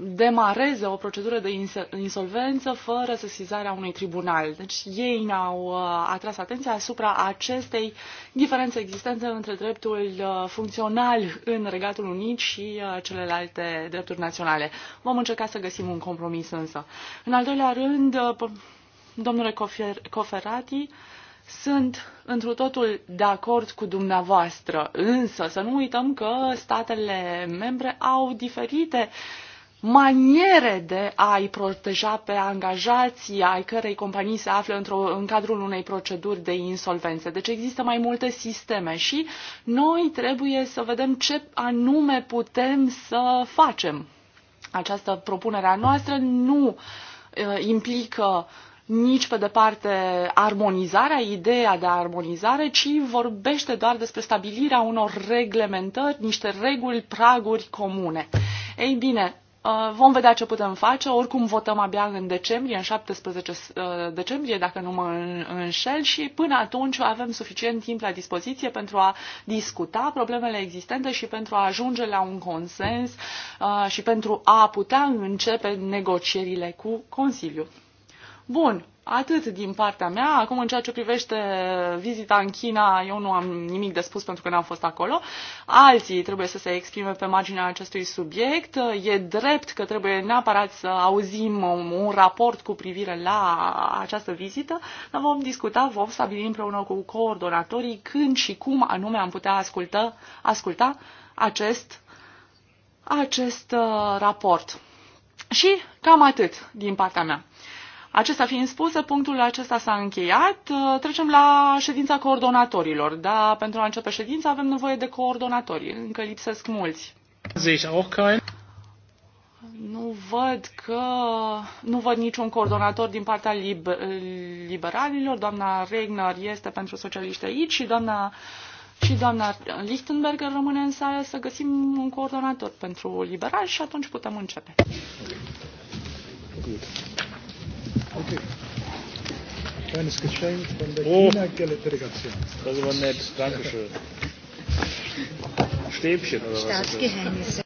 demareze o procedură de insolvență fără sesizarea unui tribunal. Deci ei ne-au uh, atras atenția asupra acestei diferențe existente între dreptul uh, funcțional în Regatul Unit și uh, celelalte drepturi naționale. Vom încerca să găsim un compromis însă. În al doilea rând, domnule Cofer Coferati, sunt întru totul de acord cu dumneavoastră, însă să nu uităm că statele membre au diferite uh, maniere de a-i proteja pe angajații ai cărei companii se află într-o, în cadrul unei proceduri de insolvență. Deci există mai multe sisteme și noi trebuie să vedem ce anume putem să facem. Această propunere a noastră nu implică nici pe departe armonizarea, ideea de armonizare, ci vorbește doar despre stabilirea unor reglementări, niște reguli, praguri comune. Ei bine, Uh, vom vedea ce putem face, oricum votăm abia în decembrie, în 17 uh, decembrie, dacă nu mă înșel, și până atunci avem suficient timp la dispoziție pentru a discuta problemele existente și pentru a ajunge la un consens uh, și pentru a putea începe negocierile cu Consiliul. Bun, Atât din partea mea. Acum, în ceea ce privește vizita în China, eu nu am nimic de spus pentru că n-am fost acolo. Alții trebuie să se exprime pe marginea acestui subiect. E drept că trebuie neapărat să auzim un raport cu privire la această vizită, dar vom discuta, vom stabili împreună cu coordonatorii când și cum anume am putea asculta, asculta acest, acest uh, raport. Și cam atât din partea mea. Acesta fiind spus, punctul acesta s-a încheiat. Trecem la ședința coordonatorilor. Da, pentru a începe ședința avem nevoie de coordonatori. Încă lipsesc mulți. Nu văd că nu văd niciun coordonator din partea liberalilor. Doamna Regner este pentru socialiști aici și doamna și doamna Lichtenberger rămâne în sală să găsim un coordonator pentru liberal și atunci putem începe. Good. Kleines Geschenk von der oh, China-Delegation. Das war nett. Dankeschön. Stäbchen oder was? Staatsgeheimnisse.